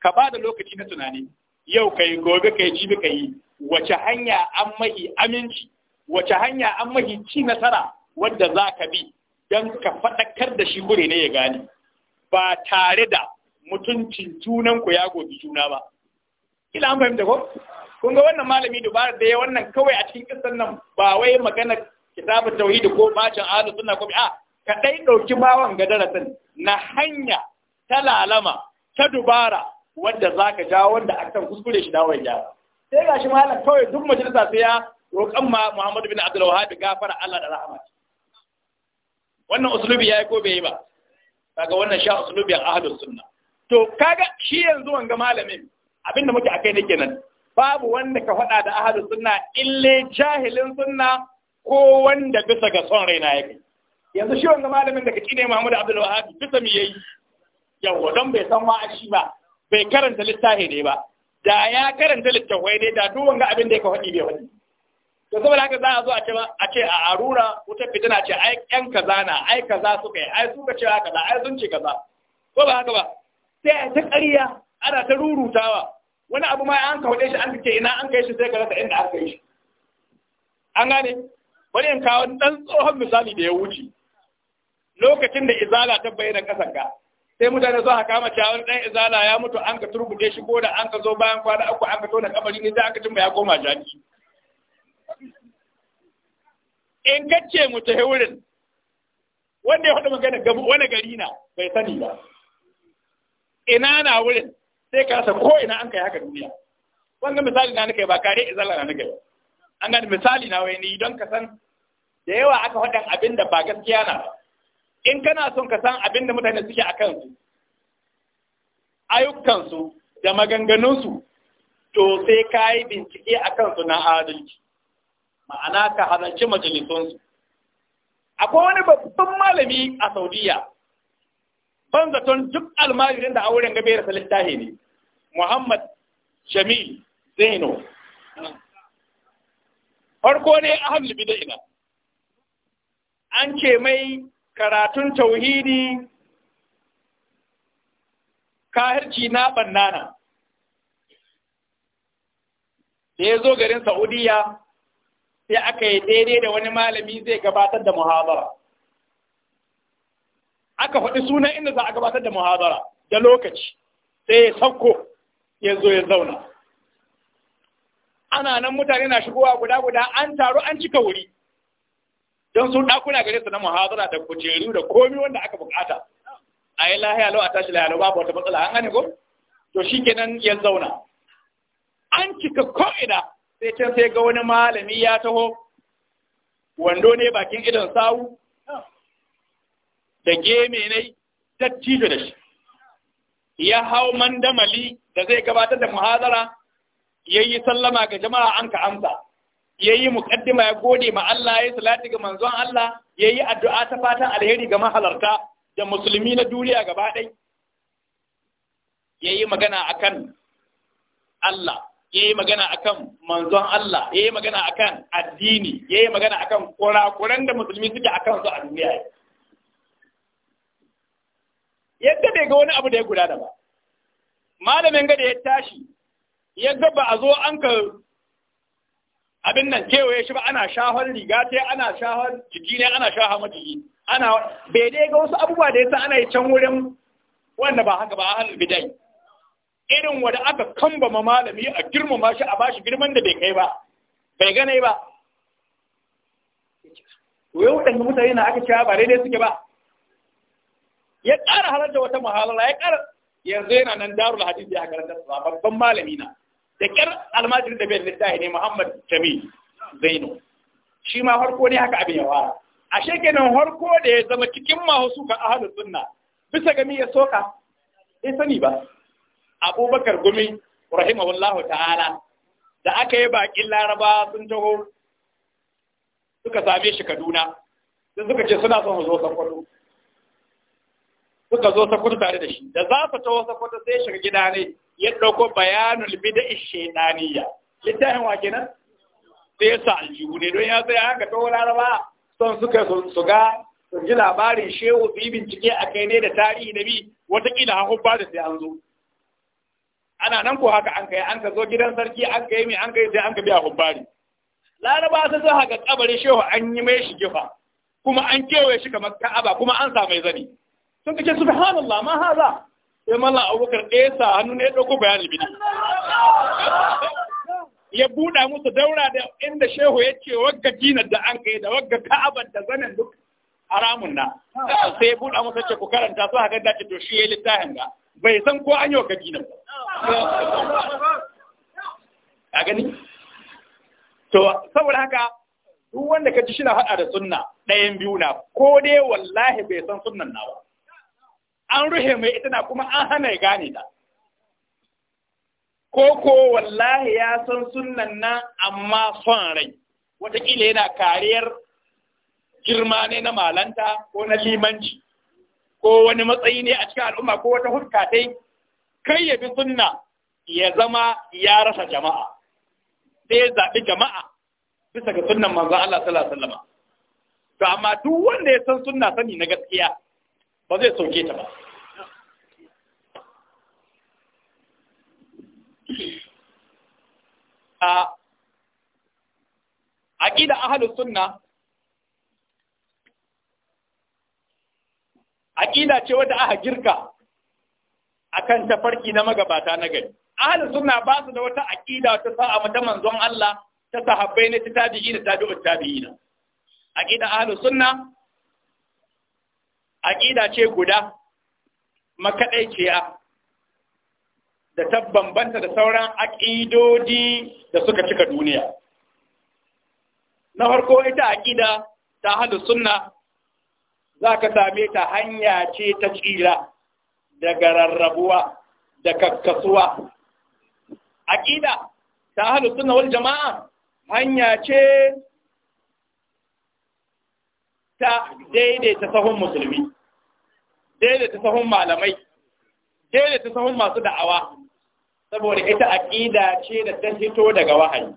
ka ba da lokaci na tunani yau kai gobe kai jibi kai wace hanya an mahi aminci wace hanya an mahi ci nasara wadda za ka bi don ka faɗakar da shi gure ne ya gani? ba tare da mutuncin junanku ya gobi juna ba kila an fahimta ko kun ga wannan malami dubara da ya wannan kawai a cikin ƙasar nan ba wai magana kitabun tauhidi ko bacin ahlus suna ko a kaɗai ɗauki bawan ga darasin na hanya ta lalama ta dubara wanda ka ja wanda kan kuskure shi dawon gyara. sai shi malam kawai duk majalisa sai ya roƙan ma Muhammadu bin Abdul Wahhab gafara Allah da rahama wannan ya yi ko bai yi ba kaga wannan sha a ahlus sunna to kaga shi yanzu wanga malamin abinda muke akai ne kenan babu wanda ka faɗa da ahadu sunna ille jahilin sunna ko wanda bisa ga son raina yake yanzu shi wanga malamin da kaci ne Muhammadu Abdul Wahhab bisa mi yayi yawa don bai san ma shi ba bai karanta littafi ne ba da ya karanta littafai ne da duk wanga abin da ya faɗi bai faɗi to saboda haka za a zo a ce a ce a arura wuta fitina ce ai yan kaza na ai kaza suka yi ai suka ce haka da ai sun ce kaza ko ba haka ba sai a ta ƙarya ana ta rurutawa wani abu ma an kawo shi an kake ina an kai shi sai ka rasa inda aka yi shi an gane bari in kawo ɗan tsohon misali da ya wuce lokacin da izala ta bayyana ƙasar ka sai mutane su haƙa kama cewa wani ɗan izala ya mutu an ka turbuɗe shi ko da an ka zo bayan kwana uku an ka tona kabari ne sai aka cimma ya koma jaki in kacce mu ta wurin wanda ya faɗi magana wani gari na bai sani ba ina na wurin sai ka rasa ko ina an kai haka duniya wannan misali na nake ba kare izalla na nake an gani misali na wai ni don ka san da yawa aka faɗa abin ba gaskiya na in kana son ka san abin mutane suke a kansu ayyukansu da maganganunsu to sai ka yi bincike a kansu na adalci ma'ana ka halarci majalisunsu akwai wani babban malami a saudiya ban zaton duk almajirin da auren gabe da littafi ne Muhammad Jamil Zaino farko ne a bida ina. an ce mai karatun tauhidi kahirci na bannana da ya zo garin Saudiya sai aka yi daidai da wani malami zai gabatar da muhabara aka faɗi sunan inda za a gabatar da muhazara da lokaci sai ya sauko ya zo ya zauna ana nan mutane na shigowa guda guda an taru an cika wuri don sun ɗakuna gare su na muhazara da kujeru da komi wanda aka bukata a yi lahiya lau a tashi lahiya lau babu wata matsala an gane ko to shi kenan ya zauna an cika ko'ina sai can sai ga wani malami ya taho wando ne bakin idon sawu da geme ne dattijo da shi ya hau mandamali da zai gabatar da muhazara ya yi sallama ga jama'a an ka amsa ya yi mukaddima ya gode ma Allah ya yi salati ga manzon Allah ya yi addu'a ta fatan alheri ga mahalarta da musulmi na duniya gaba ɗai ya yi magana a kan Allah ya yi magana a kan manzon Allah ya yi magana a kan addini ya yi magana a kura kurakuran da musulmi suke kan su a duniya yadda bai ga wani abu da ya gudana ba malamin gada ya tashi ya ba a zo an ka abin nan kewaye shi ba ana shahon riga ta ana shahon jiki ne ana shahon majiki ana bai dai ga wasu abubuwa da yasa ana yi can wurin wanda ba haka ba a halin bidai irin wanda aka kamba ma malami a girmama shi a bashi girman da bai kai ba bai gane ba wai yau waɗanda mutane na aka cewa ba daidai suke ba ya ƙara halarta wata muhalara ya ƙara yanzu yana nan darul hadisi a karanta su babban malami na da kyar almajirin da bai littafi ne muhammad jamil zaino shi ma harko ne haka abin yawa a shekenan harko da ya zama cikin mahusu ga ahalu sunna bisa gami ya soka ya sani ba abubakar gumi rahimahullahu ta'ala da aka yi bakin laraba sun taho suka same shi kaduna sun suka ce suna son zo sakwato suka zo sakwato tare da shi da za su taho sakwato sai shiga gida ne ya ɗauko bayanul bida'i shaidaniya littafin wa kenan sai ya sa aljihu ne don ya tsaya haka taho laraba son suka su ga su ji labarin shehu su yi bincike a kai ne da tarihi da bi watakila hahubba da sai an zo ana nan ko haka an kai an ka zo gidan sarki an kai mai an kai sai an ka biya hubbari laraba sai zo haka kabarin shehu an yi mai shi gifa kuma an kewaye shi kamar ka'aba kuma an sa mai zani sun kace subhanallah ma haza sai mala abubakar ɗaya sa hannu ne ya ɗauko bayani bidi ya buɗa musu daura da inda shehu ya ce wagga dinar da an kai da wagga ka'abar da zanen duk haramun na sai ya buɗa musu ce ku karanta su haka dace to shi ya littafin ga bai san ko an yi wagga dinar a gani to saboda haka duk wanda ka ji shi na haɗa da sunna ɗayan biyu na ko dai wallahi bai san sunnan na ba an ruhe mai ita na kuma an hana ya gane ta ko ko wallahi ya san sunan nan amma son rai wataƙila yana kariyar girma ne na malanta ko na limanci ko wani matsayi ne a cikin al'umma ko wata hurka dai kai ya bi sunna ya zama ya rasa jama'a sai zaɓi jama'a bisa ga sunan manzan Allah sallallahu alaihi wasallam to amma duk wanda ya san sunna sani na gaskiya ba zai sauke ta ba a sunna aƙida ce wadda aka girka akan tafarki na magabata na gari ahlus sunna ba su da wata aƙida ta sa'a mata manzon Allah ta sahabbai na ta tabi'i da tabi'ut tabi'ina aqida ahlus sunna aƙida ce guda makaɗaiciya da ta bambanta da sauran aƙidodi da suka cika duniya. Na farko ita aƙida ta hada sunna za ka same ta hanya ce ta tsira daga rarrabuwa da kakkasuwa. Aƙida ta hada sunna wal jama'a hanya ce ta daidaita sahun musulmi. daidaita sahun malamai daidaita sahun masu da'awa saboda ita aƙida ce da ta hito daga wahayi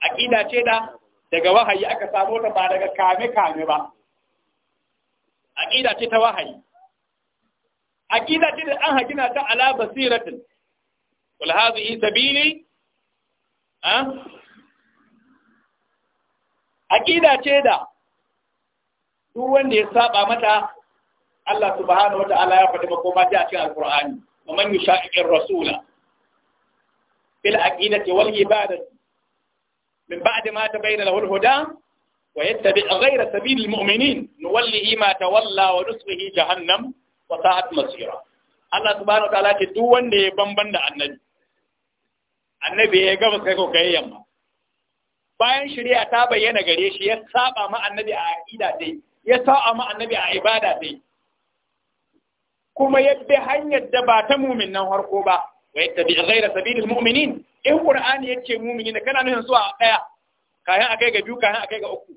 aƙida ce da daga wahayi aka samo ta ba daga kame-kame ba aƙida ce ta wahayi aƙida ce da an hagina ta ala basiratin kul hazihi sabili aƙida ce da duk wanda ya saba mata Allah subhanahu wata'ala ya faɗi makoma ta a cikin alqur'ani wa man yushaqiqir rasula fil aqidati wal ibadati min ba'di ma tabayyana lahu al-huda ويتبع غير سبيل المؤمنين نوله ما تولى ونصره جهنم وساءت مصيرا الله سبحانه وتعالى ce duk wanda ya bamban da annabi annabi ya gaba kai ko kai yamma bayan shari'a ta bayyana gare shi ya saba ma annabi a aqida dai ya saba ma annabi a ibada dai kuma yadda hanyar da ba ta mumin nan harko ba wa yadda bi ghaira sabilil mu'minin in qur'ani yace mu'mini kana nufin zuwa daya kayan akai ga biyu kayan akai ga uku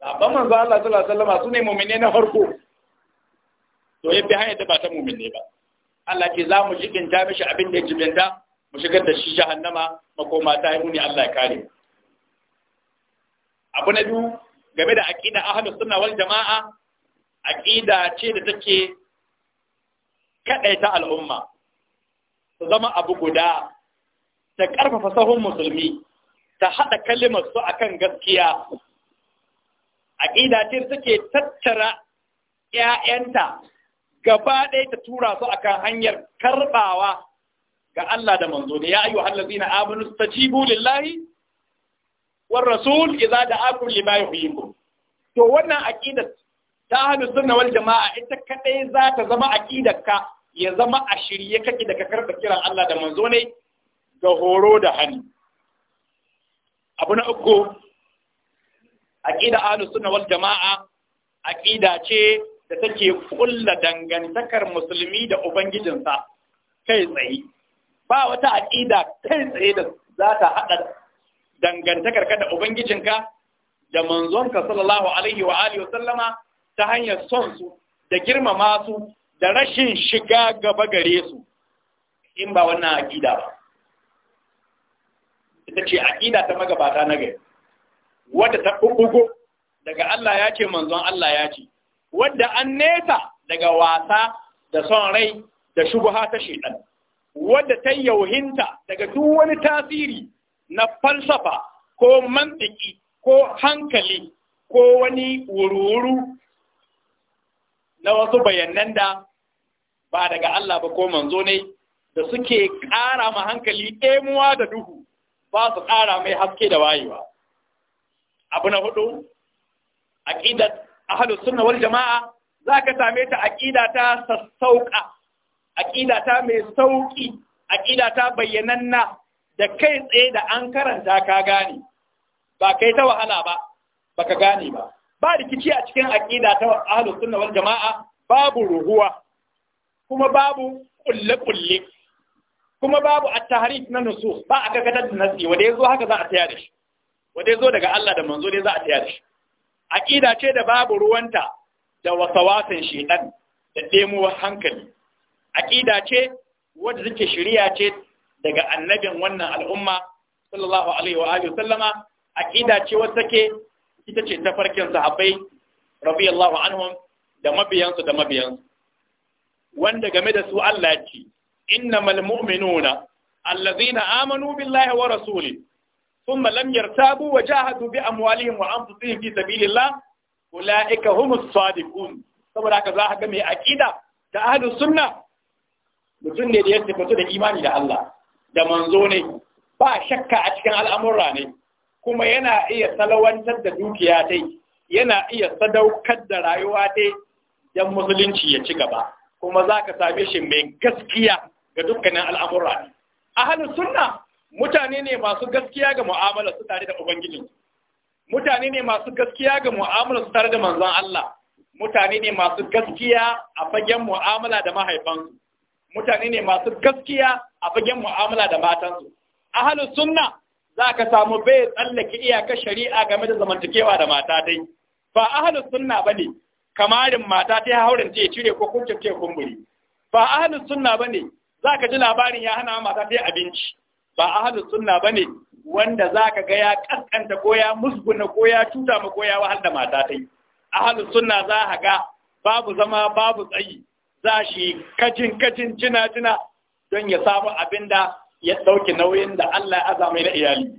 sabon manzo Allah sallallahu alaihi su sune mu'mini na harko to yadda hanyar da ba ta mumin ne ba Allah ce za mu jikinta mishi abin da ya jibinta mu shigar da shi jahannama makoma ta yi muni Allah ya kare abu na biyu game da aqida ahlus sunna wal jamaa aqida ce da take kaɗaita al'umma su zama abu guda ta ƙarfafa sahun musulmi ta haɗa kalimar su akan gaskiya aƙida ce take tattara ‘ya'yanta gaba ɗaya ta tura su akan hanyar karɓawa ga Allah da manzo ne ya ayyu hallazina amanu stajibu lillahi war rasul da da'akum lima yuhyikum to wannan aqida ta hannu sunna wal jamaa ita kadai za ta zama aqidar ka ya zama a shirye kake da ka da kiran Allah da manzo ne ga horo da hani abu na uku aqida ahlus sunna wal jamaa aqida ce da take kulla dangantakar musulmi da ubangijinsa kai tsaye ba wata aƙida kai tsaye da za ta hada dangantakar ka da ubangijinka da manzonka sallallahu alaihi wa wa sallama ta hanyar son su da girmama su da rashin shiga gaba gare su in ba wannan aƙida ba ita ce aƙida ta magabata na gari wadda ta ɓuɓɓugo daga Allah ya ce manzon Allah ya ce wadda an nesa daga wasa da son rai da shubuha ta shedan wadda ta yauhinta daga duk wani tasiri na falsafa ko mantiki ko hankali ko wani wururu na wasu bayanan da ba daga Allah ba ko manzo ne da suke ƙara ma hankali ɗemuwa da duhu ba su ƙara mai haske da wayewa abu na hudu aqidat ahlus sunna wal jamaa ka same ta aqida ta aƙidata aqida ta mai sauƙi, aqida ta bayyananna da kai tsaye da an karanta ka gane ba kai ta wahala ba baka gane ba ba rikici a cikin aqida ta ahlus sunna wal jamaa babu ruhuwa kuma babu kulle-kulle kuma babu a taharif na nusu ba a kakatar da nasi wanda ya zo haka za a taya da shi wanda ya zo daga Allah da manzo ne za a taya da shi aƙida ce da babu ruwanta da wasawasan ɗan da ɗemuwar hankali aƙida ce wadda take shirya ce daga annabin wannan al'umma sallallahu alaihi wa alihi sallama aƙida ce wadda take ita ce ta farkin sahabbai radiyallahu anhum da mabiyansu da mabiyansu wanda game da su Allah ce innamal mu'minuna allazina amanu billahi wa rasuli thumma lam yartabu wa jahadu bi amwalihim wa anfusihim fi sabilillah ulaika humus sadiqun saboda haka za ka ga mai aqida ta ahlus sunna mutum ne da ya tafi da imani da Allah da manzo ne ba shakka a cikin al'amura ne kuma yana iya salawantar da dukiya dai yana iya sadaukar da rayuwa dai don musulunci ya ci gaba kuma za ka same shi mai gaskiya ga dukkanin al'amura halin suna, mutane ne masu gaskiya ga mu'amala su tare da Ubangiji, mutane ne masu gaskiya ga mu'amala su tare da manzon Allah mutane ne masu gaskiya a fagen mu'amala da mahaifansu mutane ne masu gaskiya a fagen mu'amala da matansu A halin suna, za ka samu bai tsallake iyaka shari'a game da zamantakewa da mata dai ba suna ba ne. kamarin mata ta haurin ce cire ko kuncin ce kumburi ba ahlus sunna bane zaka ji labarin ya hana mata ta abinci ba ahlus sunna bane wanda zaka ga ya kaskanta ko ya musguna ko ya tuta ma ko ya wahal da mata ta ahlus sunna za ka ga babu zama babu tsayi za shi kajin kajin jina jina don ya samu abinda ya dauki nauyin da Allah ya azama na iyali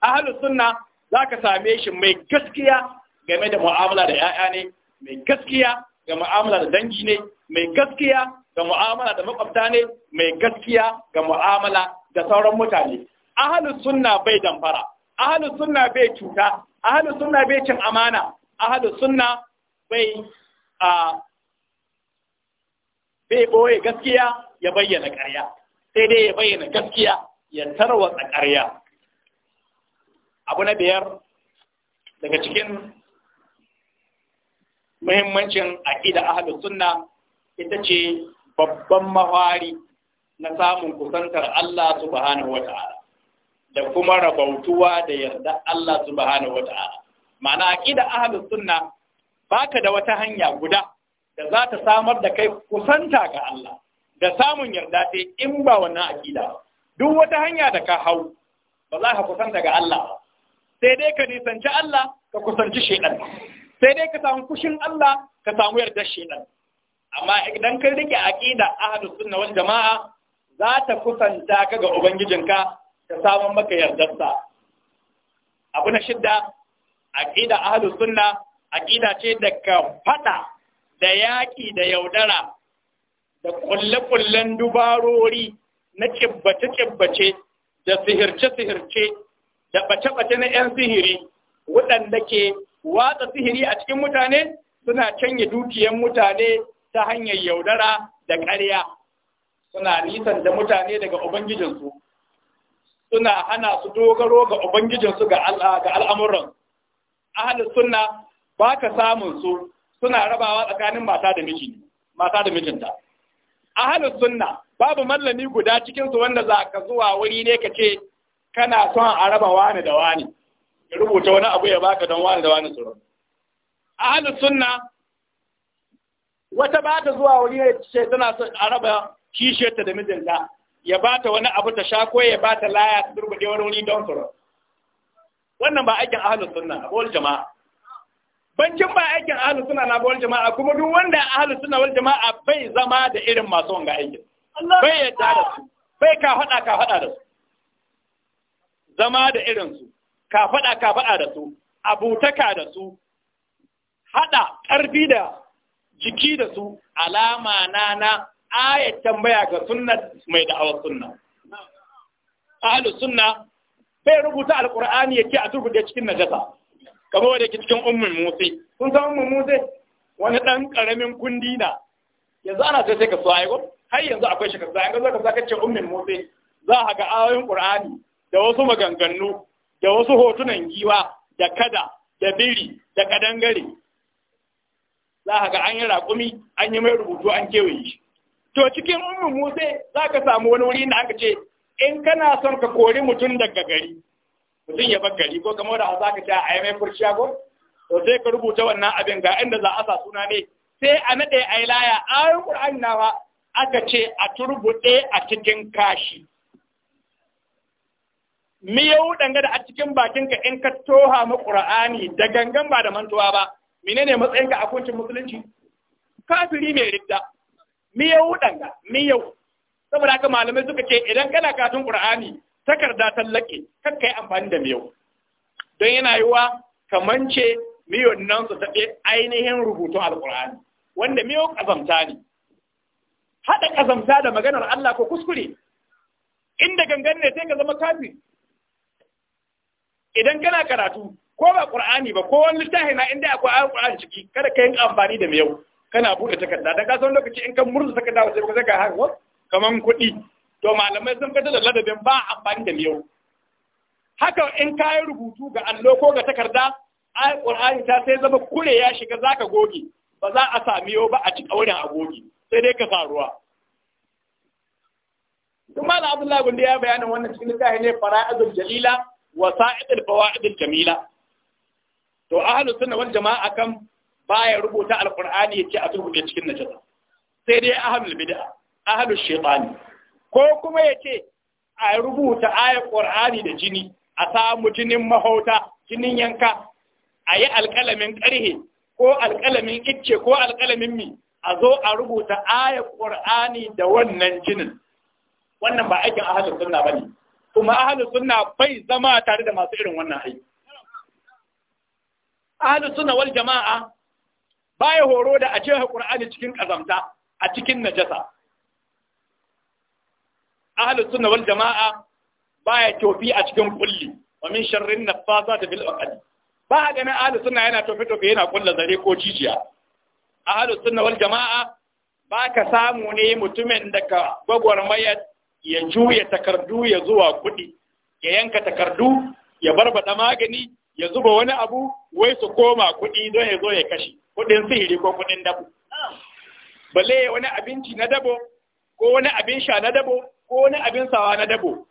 ahlus sunna zaka same shi mai gaskiya game da mu'amala da 'ya'ya ne mai gaskiya ga mu'amala da dangi ne mai gaskiya ga mu'amala da makwabta ne mai gaskiya ga mu'amala da sauran mutane ahlus sunna bai damfara ahlus sunna bai cuta ahlus sunna bai cin amana ahlus sunna bai a bai boye gaskiya ya bayyana ƙarya sai dai ya bayyana gaskiya ya tarwatsa ƙarya abu na biyar daga cikin muhimmancin a ahlus sunna ita ce babban mafari na samun kusantar Allah subhanahu wa ta'ala da kuma rabautuwa da yarda Allah subhanahu wa ta'ala ma'ana aqida suna sunna baka da wata hanya guda da za ta samar da kai kusanta ga Allah da samun yarda sai in ba wannan aƙida. duk wata hanya da ka hau ba za ka kusanta ga Allah ba sai dai ka nisanci Allah ka kusanci shaitan sai dai ka samu kushin Allah ka samu yardar nan. amma idan kai rike aqida Ahadu sunna wal jamaa za ta kusanta ka ga ubangijinka ta samun maka yardarsa abu na shidda aqida Ahadu sunna aƙida ce da ka fada da yaƙi da yaudara da kulle-kullen dubarori na ƙibbace kibbace da sihirce-sihirce da ɓace-ɓace na 'yan sihiri waɗanda ke watsa sihiri a cikin mutane suna canye dukiyar mutane ta hanyar yaudara da ƙarya suna nisan da mutane daga ubangijinsu suna hana su dogaro ga ubangijinsu ga al'amuran ahalin sunna ba ka samun su suna rabawa tsakanin mata da miji mata da mijinta ahalin sunna babu mallami guda cikinsu wanda za ka zuwa wuri ne ka ce kana son a raba wani da wani ya rubuta wani abu ya baka don wani da wani tsoro hannun suna wata ba ta zuwa wani ya ce tana a raba kishiyarta da mijinta ya ba ta wani abu ta sha ko ya ba ta laya ta turbuɗe wani wuri don tsoro wannan ba aikin a hannun suna, a bawal jama'a bancin ba aikin ahlus suna na bawal jama'a kuma duk wanda a hannun suna wal jama'a bai zama da irin masu wanga aikin bai yadda da su bai ka faɗa ka faɗa da su zama da irin su ka faɗa ka faɗa da su abutaka da su haɗa ƙarfi da jiki da su alama na na ayat tambaya ga sunna mai da'awar sunna ahlus sunna bai rubuta ya yake a da cikin najasa kamar wanda yake cikin ummul musi kun san ummul musi wani dan ƙaramin kundi na yanzu ana sai sai ka so har yanzu akwai shi ka so ka zo ka ce ummul za a ga ayoyin ƙur'ani da wasu maganganu da wasu hotunan giwa da kada da biri da kadangare za ka ga an yi raƙumi an yi mai rubutu an kewaye shi to cikin ummu musa za ka samu wani wuri da aka ce in kana son ka kori mutum daga gari mutum ya bar gari ko kamar da za ka ce a yi mai furciya ko to sai ka rubuta wannan abin ga inda za a sa suna ne sai a naɗe a yi laya ayoyin ƙur'ani nawa aka ce a turbuɗe a cikin kashi miyau danga da a cikin bakinka in ka toha mu qur'ani da gangan ba da mantuwa ba menene matsayinka a kuncin musulunci kafiri mai ridda miyau danga miyau saboda haka malamai suka ce idan kana katun qur'ani takarda tallake kar kai amfani da miyau don yana yiwa kamance miyon nan su taɓe ainihin rubutun alƙur'ani wanda miyau ƙazamta ne haɗa ƙazamta da maganar Allah ko kuskure inda gangan ne sai ka zama kafi idan kana karatu ko ba qur'ani ba ko wani littafi na inda akwai ayar qur'ani ciki kada ka yi amfani da miyau kana bude takarda dan ka san lokaci in ka murza takarda sai ka har hawa kaman kuɗi to malamai sun fitar da ladabin ba amfani da miyau haka in ka yi rubutu ga allo ko ga takarda ayar qur'ani ta sai zama kure ya shiga zaka goge ba za a sami yau ba a cika wurin a goge sai dai ka faruwa. kuma da abdullahi gundi ya bayanin wannan cikin littafi ne fara'izul jalila wa sa'idul fawaidul jamila to ahlu sunna wal jama'a kan baya rubuta alqur'ani yace a turbuke cikin najasa sai dai ahlul bid'a ahlus shaytani ko kuma yace a rubuta ayat qur'ani da jini a samu jinin mahauta jinin yanka a yi alƙalamin ƙarhe ko alƙalamin icce ko alƙalamin mi a zo a rubuta ayat qur'ani da wannan jinin wannan ba aikin ahlus sunna bane kuma ahalu sunna bai zama tare da masu irin wannan hali Ahalu suna wal jama'a baya horo da a cewa qur'ani cikin ƙazamta a cikin najasa Ahalu suna wal jama'a baya tofi a cikin kulli wa min sharrin da bil uqad ba a ganin ahalu suna yana tofi tofi yana kulla zare ko jijiya Ahalu suna wal jama'a ba ka samu ne mutumin da ka gwagwarmayar ya juya takardu ya zuwa kuɗi ya yanka takardu ya barbada magani ya zuba wani abu wai su koma kuɗi don ya zo ya kashe kuɗin sihiri ko kuɗin dabo Bale wani abinci na dabo ko wani abin sha na dabo ko wani abin sawa na dabo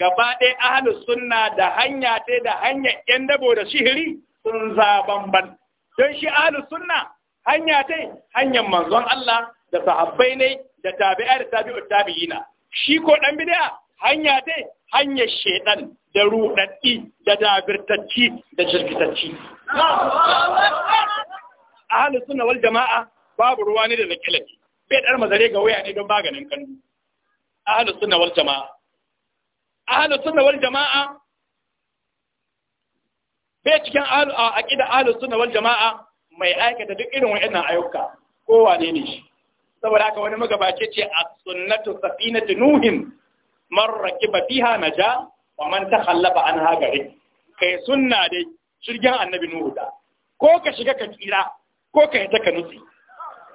gaba ɗaya ahalus sunna da hanya ta da hanyar yan dabo da sihiri sun zaban don shi ahalus sunna hanya ta hanyar manzon Allah da sahabbai ne da tabi'a da tabi'u tabi'ina shi ko ɗan bid'a hanya dai hanyar shaidan da ruɗaɗɗi da dabirtacci da jirgitacci. A halin suna wal jama'a babu ruwa ne da zakilaki, bai ɗar mazare ga waya ne don maganin kanu. A halin suna wal jama'a. A halin suna wal jama'a bai cikin aƙida halin suna wal jama'a mai aikata duk irin wa'annan ayyuka kowa ne ne shi. saboda haka wani magabaci ce a sunnatu safinatu Nuhin, man rakiba fiha naja wa man ta takhallafa an hagari kai sunna dai shirgin annabi nuhu da ko ka shiga ka tsira ko ka yata ka nutsi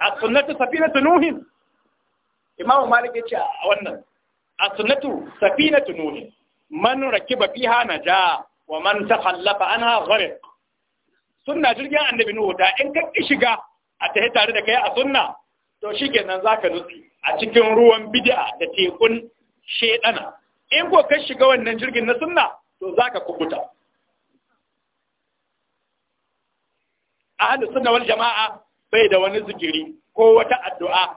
a sunnatu safinatu Nuhin, imam malik yace a wannan a sunnatu safinatu Nuhin, man rakiba fiha naja wa man ta takhallafa an gharq sunna jirgin annabi nuhu da in ka shiga a tahe tare da kai a sunna to shi kenan za ka nutsi a cikin ruwan bid'a da tekun shedana in ko ka shiga wannan jirgin na sunna to za ka kubuta ahlus sunna wal jama'a bai da wani zikiri ko wata addu'a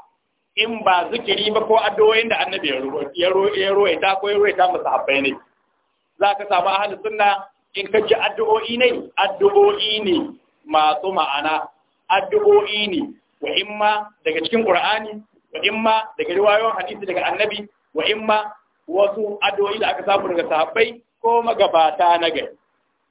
in ba zikiri ba ko addu'o'in da annabi ya roita ko ya roita masa haɓai ne za ka samu ahlus sunna in ka ji addu'o'i ne masu ma'ana addu'o'i ne wa imma daga cikin qur'ani wa imma daga riwayoyin hadisi daga annabi wa imma wasu addu'o'i da aka samu daga sahabbai ko magabata na gari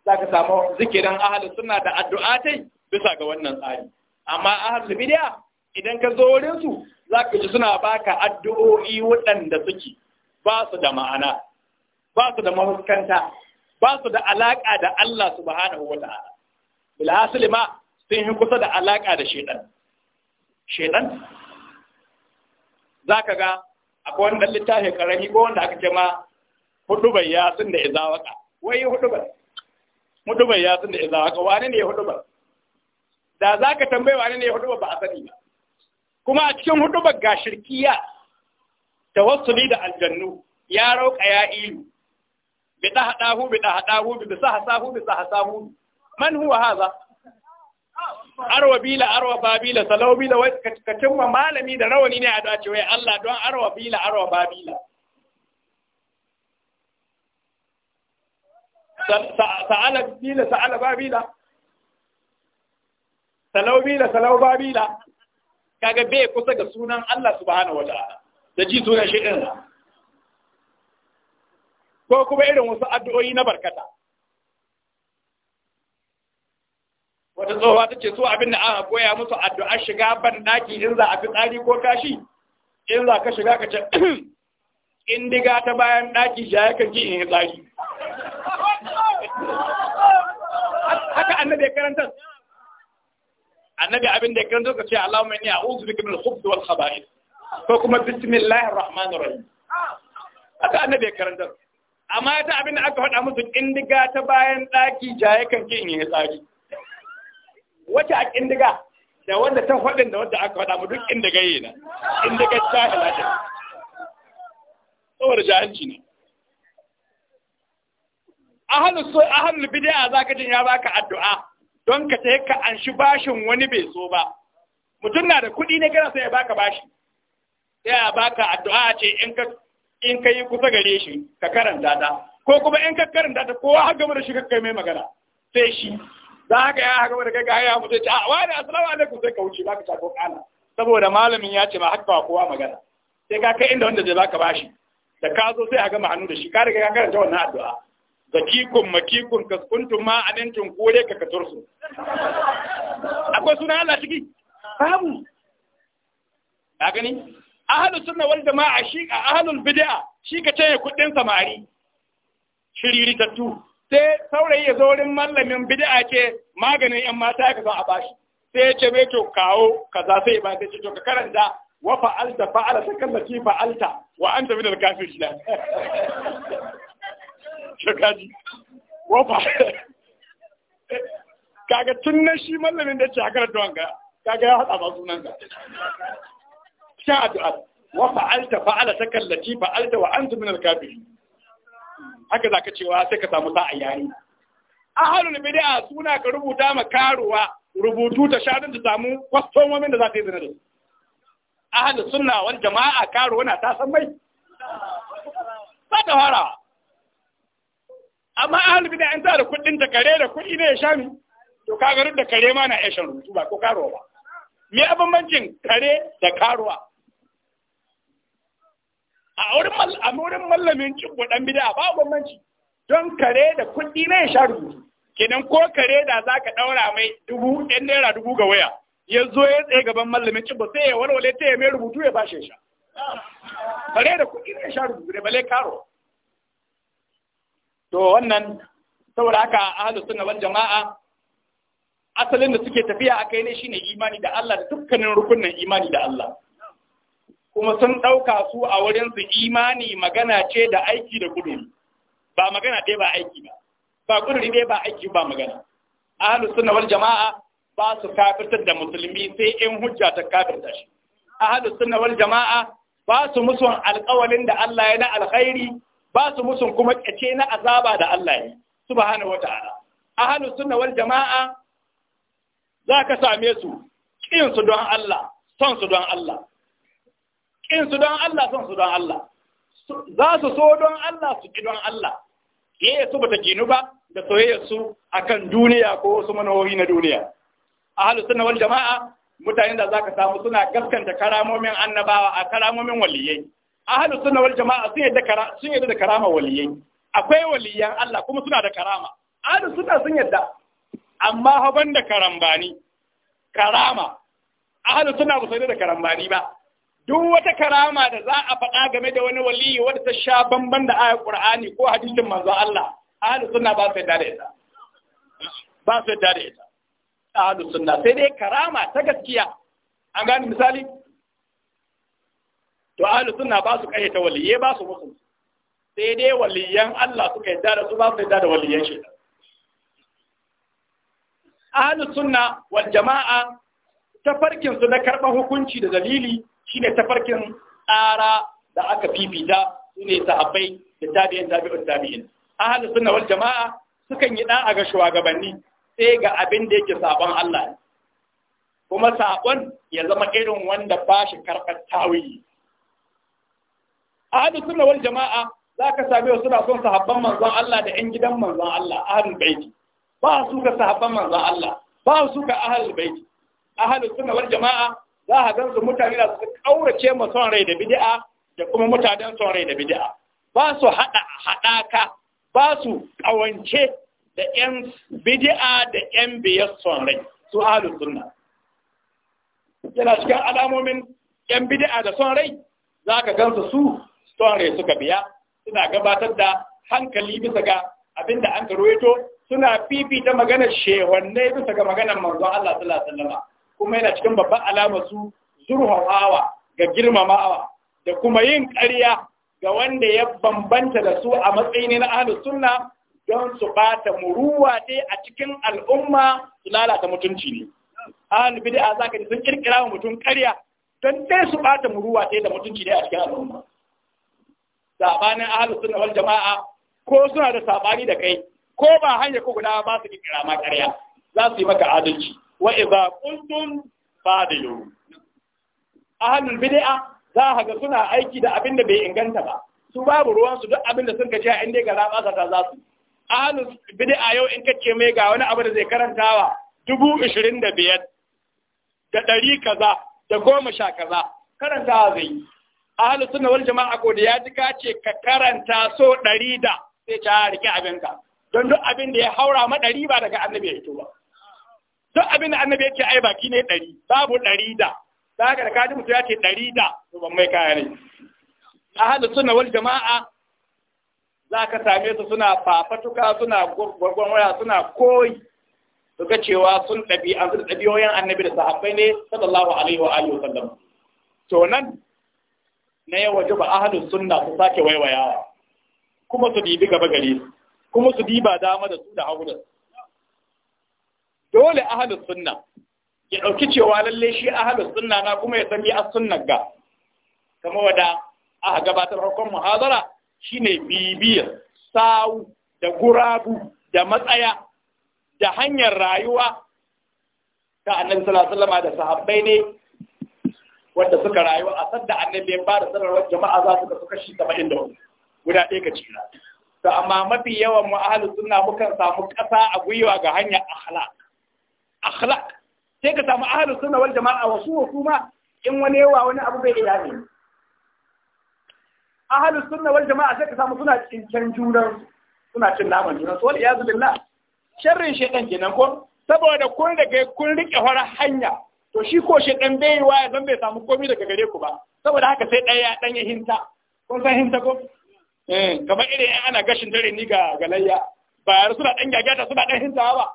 zaka samu zikirin ahlus sunna da addu'atai bisa ga wannan tsari amma ahlul bid'a idan ka zo wurin su zaka ji suna baka addu'o'i waɗanda suke ba su da ma'ana ba su da mahuskanta ba su da alaƙa da Allah subhanahu wa ta'ala bil ma sun yi kusa da alaka da shaitan shedan ka ga akwai wani dan littafi karami ko wanda aka ce ma ya sun da waka. wai hudubar hudubar sun da waka wani ne hudubar da za ka tambaye wani ne hudubar ba a sani ba kuma a cikin hudubar ga shirkiya tawassuli da aljannu ya rauka ya ilu bi da haɗahu, bi da haɗahu bi hasahu bi hasahu man huwa haza. arwa bila arwa babila salau bila wai ka cimma malami da rawani ne a dace wai Allah don arwa bila arwa babila sa'ala bila sa'ala babila salau bila salau babila kaga be kusa ga sunan Allah subhanahu wataala da ji sunan shi din ko kuma irin wasu addu'o'i na barkata wata tsohuwa ta ce su abin da aka koya musu addu'ar shiga ban daki in za a fi tsari ko kashi in za ka shiga ka ce in diga ta bayan daki ja ya kan ki in tsari haka annabi ya karanta annabi abin da ya karanta ka ce Allahumma inni a'udhu bika min al khubth wal khaba'ith ko kuma bismillahir rahmanir rahim haka annabi ya karanta amma ta abin da aka faɗa musu in diga ta bayan daki ja ya kan ki in tsari wace a ƙindiga da wanda ta faɗin da wanda aka faɗa mu duk ƙindiga yi na ƙindiga ta ce saboda jahanci ne ahalu so ahalu bid'a a jin ya baka addu'a don ka ta yi ka anshi bashin wani bai so ba mutum na da kuɗi ne kana sai ya baka bashi sai ya baka addu'a ce in ka in kusa gare shi ka karanta ta ko kuma in ka karanta ta kowa har gama da shi kai mai magana sai shi za ka yi haka wadda kai ga ya mutu ce a ah, wani assalamu alaikum sai ka wuce ba ka ta ko kana saboda malamin ya ce ma haka ba kowa magana sai ka kai inda wanda zai baka bashi da ka zo sai a gama hannu da shi ka riga ka karanta wannan addu'a zakikun makikun kaskuntun ma anintun kore ka su akwai suna Allah ciki babu ka gani ahlus sunna wal jama'a shi ahlul bid'a shi ka ce kudin samari Shiriri tattu. sai saurayi ya zo wurin mallamin bid'a ce maganin yan mata ka zo a bashi sai ya ce mai to kawo kaza sai ba sai ce to ka karanta wa fa'alta fa'ala ta ki fa'alta wa anta min al-kafir shi shakaji wa fa kaga tun nan shi mallamin da ce a karanta wanga kaga ya hada ba sunan ka cikin addu'a wa fa'alta fa'ala ta ki fa'alta wa anta min al-kafir haka za ka cewa sai ka samu sa'a yari halin bid'a suna ka rubuta ma karuwa rubutu ta shaɗin ta samu kwastomomin da za ta yi zina A halin suna wani jama'a karuwa na ta san mai ba ta fara amma a halin bid'a in ta da kuɗin da kare da kuɗi ne ya sha ni, to ka garin da kare ma na ya shan rubutu ba ko karuwa ba me abin kare da karuwa a wurin a wurin mallamin cin dan bid'a ba gwamnati don kare da kuɗi ne ya sha kenan ko kare da zaka ɗaura mai dubu ɗan naira dubu ga waya ya zo ya tsaye gaban mallamin cin sai ya walwale ta ya mai rubutu ya bashe sha kare da kuɗi ne ya sha da bale karo to wannan saboda haka ahlus suna ban jama'a asalin da suke tafiya akai ne shine imani da Allah da dukkanin rukunin imani da Allah kuma sun ɗauka su a wurinsu imani magana ce da aiki da kuduri ba magana ɗaya ba aiki ba ba kuduri ɗaya ba aiki ba magana ahlus suna wal jama'a ba su kafirtar da musulmi sai in hujja ta kafirta shi ahlus suna wal jama'a ba su musun alƙawalin da Allah ya na alkhairi ba su musun kuma kace na azaba da Allah ya subhanahu wata'ala ahlus suna wal jama'a za ka same su kin su don Allah son su don Allah in su don Allah son su don Allah za su so don Allah su ki don Allah ya su bata ginu ba da soyayyar su akan duniya ko wasu manohi na duniya A halu sunna wal jamaa mutane da zaka samu suna gaskanta karamomin annabawa a karamomin waliyai halu sunna wal jamaa sun yadda sun yadda da karama waliyai akwai waliyan Allah kuma suna da karama ahlus sunna sun yadda amma haban da karambani karama ahlus sunna ba su yadda da karambani ba duk wata karama da za a faɗa game da wani waliyi wanda ta sha bamban da ayar Qur'ani ko hadisin manzo Allah ahlus sunna ba su yarda da ita ba su yarda da ita ahlus sunna sai dai karama ta gaskiya an gane misali to ahlus sunna ba su kaita waliyye ba su musu sai dai waliyan Allah suka yarda da su ba su yarda da waliyan shi ahlus sunna wal jama'a ta su na karɓar hukunci da dalili Shi ne tafarkin tsara da aka fifita su ne sahabbai da tabi'in tabi'in tabi'in ahlus suna wal jama'a sukan yi da'a ga shugabanni sai ga abin da yake sabon Allah kuma sabon ya zama irin wanda ba shi karɓar tawiyi ahlus suna wal jama'a za ka same wasu suna son sahabban manzon Allah da 'yan gidan manzon Allah ahlul baiti ba su ka sahabban manzon Allah ba su ga ahlul baiti ahlus suna wal jama'a za a gansu mutane da su kaurace ma son rai da bid'a da kuma mutanen son rai da bid'a ba su hada hadaka ba su kawance da yan bid'a da yan biyar son rai su ahlus sunna yana cikin alamomin yan bidi'a da son rai za ka gansu su son rai suka biya suna gabatar da hankali bisa ga abin da an karuwaito suna fifita maganar shewanne bisa ga maganar manzon Allah sallallahu alaihi wasallam kuma yana cikin babban alamar su zurhawawa ga girmamawa da kuma yin ƙarya ga wanda ya bambanta da su a matsayin na ahlus sunna don su bata muruwa dai a cikin al'umma su lalata mutunci ne ahlul bid'a zaka ji sun kirkira wa mutum ƙarya don dai su bata muruwa dai da mutunci dai a cikin al'umma sabanin ahlus sunna wal jama'a ko suna da sabani da kai ko ba hanya ko guda ba su kirkira ma ƙarya za su yi maka adalci wa idza fadilu ahalul bid'a za a ga suna aiki da abin da bai inganta ba su babu ruwansu duk abin da sun kace a inda ga ba ta za su ahlul bid'a yau in kace mai ga wani abu da zai karantawa dubu ishirin da biyar da ɗari kaza da goma sha kaza karantawa zai yi sunna wal jama'a ko da ya ji ka ce ka karanta so ɗari da sai ta rike abinka don duk abin da ya haura ma ɗari ba daga annabi ya fito ba duk abin da annabi yake ai baki ne ɗari babu ɗari da da haka da kaji mutum ya ce ɗari da to ban mai kaya ne ahalus suna wani jama'a za ka same su suna fafatuka suna waya suna koyi su ga cewa sun ɗabi an su ɗabiyoyin annabi da sahabbai ne sallallahu alaihi wa alihi sallam to nan na yau waje ba ahalus sunna su sake waiwayawa kuma su dibi gaba gari, kuma su diba dama da su da hagu da su dole ahalus sunna ya dauki cewa lalle shi ahalus sunna na kuma ya san bi as sunnah ga kamar wada aka gabatar harkon muhadara shine bibiya, sawu da gurabu da matsaya da hanyar rayuwa ta annabi sallallahu alaihi wasallam da sahabbai ne wanda suka rayu a sadda annabi ya fara sanarwar jama'a za su kasu kashi 74 guda ɗaya ka cira to amma mafi yawan mu ahlus sunna mukan samu ƙasa a gwiwa ga hanyar akhlaq akhlaq sai ka samu ahlus sunna wal jama'a wasu kuma in wani yawa wani abu bai iya ne ahlus sunna wal jama'a sai ka samu suna can junan suna cin naman junan su wal iyazu billah sharrin shaytan kenan ko saboda kun daga kun rike hora hanya to shi ko shaytan bai wa ya zan bai samu komai daga gare ku ba saboda haka sai daya dan ya hinta kun san hinta ko eh kamar irin ana gashin dare ni ga galayya ba suna dan gagata suna dan hintawa ba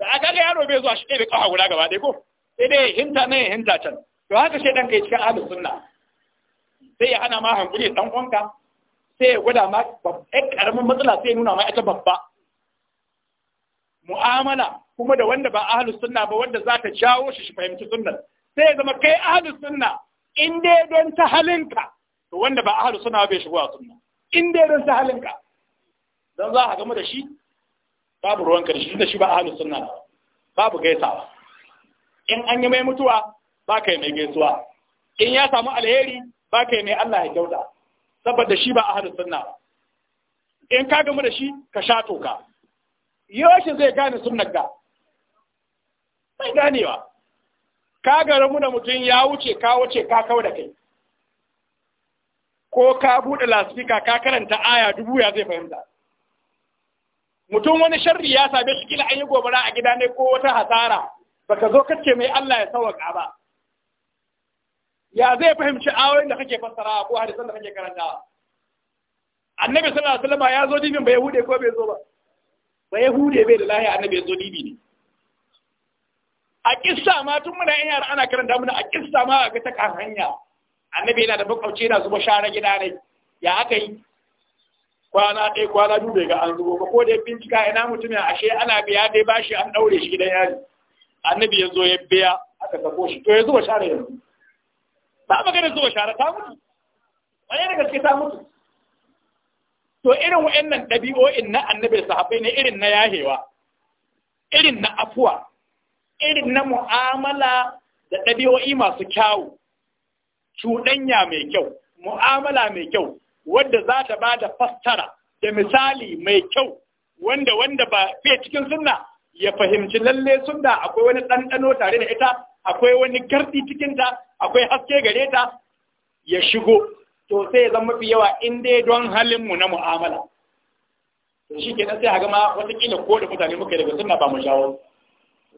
da aka ga yaro bai zuwa shi ɗaya ƙafa guda gaba ɗaya ko sai dai hinta nan ya hinta can to haka shi ɗan kai cikin ahlus sunna sai ya hana ma hankuri ɗan kwanka sai ya gwada ma babban ƙaramin matsala sai ya nuna ma ita babba mu'amala kuma da wanda ba ahlus sunna ba wanda za ta jawo shi shi fahimci sunnar sai ya zama kai ahlus sunna in dai don ta halinka to wanda ba ahlus sunna bai shigo a sunna in dai don ta halinka dan za ka gama da shi babu ruwan karshe da shi ba ahlus sunna babu gaisawa in an yi mai mutuwa ba kai mai gaisuwa in ya samu alheri ba kai mai Allah ya kyauta saboda shi ba ahlus sunna in ka gamu da shi ka sha toka yawancin zai gane sunnar ga sai ganewa ka ga mu da mutum ya wuce ka wuce ka kawo da kai ko ka buɗe lasifika ka karanta aya dubu ya zai fahimta mutum wani sharri ya same shi kila an yi gobara a gida ne ko wata hasara baka zo ce mai Allah ya sauka ba ya zai fahimci ayoyin da kake fassara ko hadisan da kake karanta? annabi sallallahu alaihi wasallam ya zo dibin bai hude ko bai zo ba bai hude bai da lahi annabi ya zo dibi ne a kissa ma tun muna yan yara ana karanta muna a kissa ma ga ta kan hanya annabi yana da makwabci yana zuba share gida ne ya aka yi kwana ɗaya kwana biyu bai ga an zubo ba ko dai bincika ina mutum ya ashe ana biya dai bashi an ɗaure shi gidan yari annabi ya zo ya biya aka sako shi to ya zuba share yanzu ba magana zuba share ta mutu wani da gaske ta mutu to irin wa'annan ɗabi'o'in na annabi sahabbai ne irin na yahewa irin na afuwa irin na mu'amala da ɗabi'o'i masu kyawu cuɗanya mai kyau mu'amala mai kyau wadda za ta ba da fassara da misali mai kyau wanda wanda ba fiye cikin sunna ya fahimci lalle sunna akwai wani ɗanɗano tare da ita akwai wani gardi cikin ta akwai haske gare ta ya shigo to sai zan mafi yawa in dai don halin mu na mu'amala shi ke sai a gama wata kila ko da mutane muka daga sunna ba mu shawo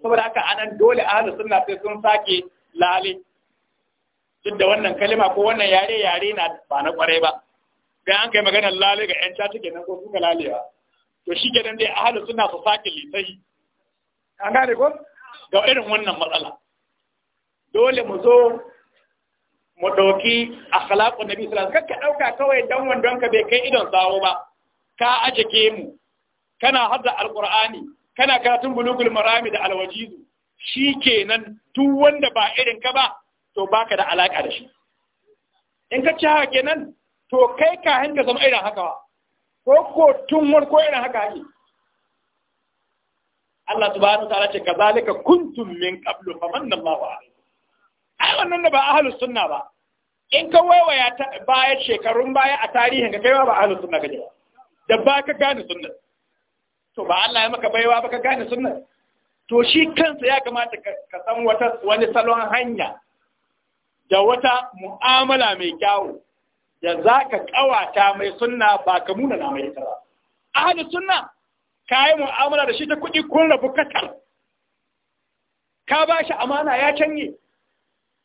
saboda haka anan dole ahlu sunna sai sun sake lale duk da wannan kalima ko wannan yare yare na ba na kwarai ba ga an kai maganar lalai ga yan cata kenan ko suka lalewa to shi kenan dai ahalu suna su sake litai an gane ko ga irin wannan matsala dole mu zo mu ɗauki akhlaqun nabi sallallahu alaihi wasallam kakka dauka kawai dan wandon ka bai kai idon sawo ba ka aje ke mu kana hadda alqur'ani kana karatun bulugul marami da alwajizu shi kenan duk wanda ba irin ka ba to baka da alaka da shi in ka ci haka kenan to kai ka hanka zama irin haka ko ko tun wani ko irin haka ne Allah subhanahu ta'ala ce kazalika kuntum min qablu famanna Allahu alaykum ai wannan da ba ahlus sunna ba in ka waiwaya ta baya shekarun baya a tarihin ka kai ba ahlus sunna kaje da ba ka gane sunna to ba Allah ya maka baiwa ba ka gane sunna to shi kansa ya kamata ka san wata wani salon hanya da wata mu'amala mai kyawu ya za ka ƙawata mai sunna ba ka muna na mai tara. ba ahalin sunna ka yi mu'amala da shi ta kuɗi kun rabu katar ka ba shi amana ya canye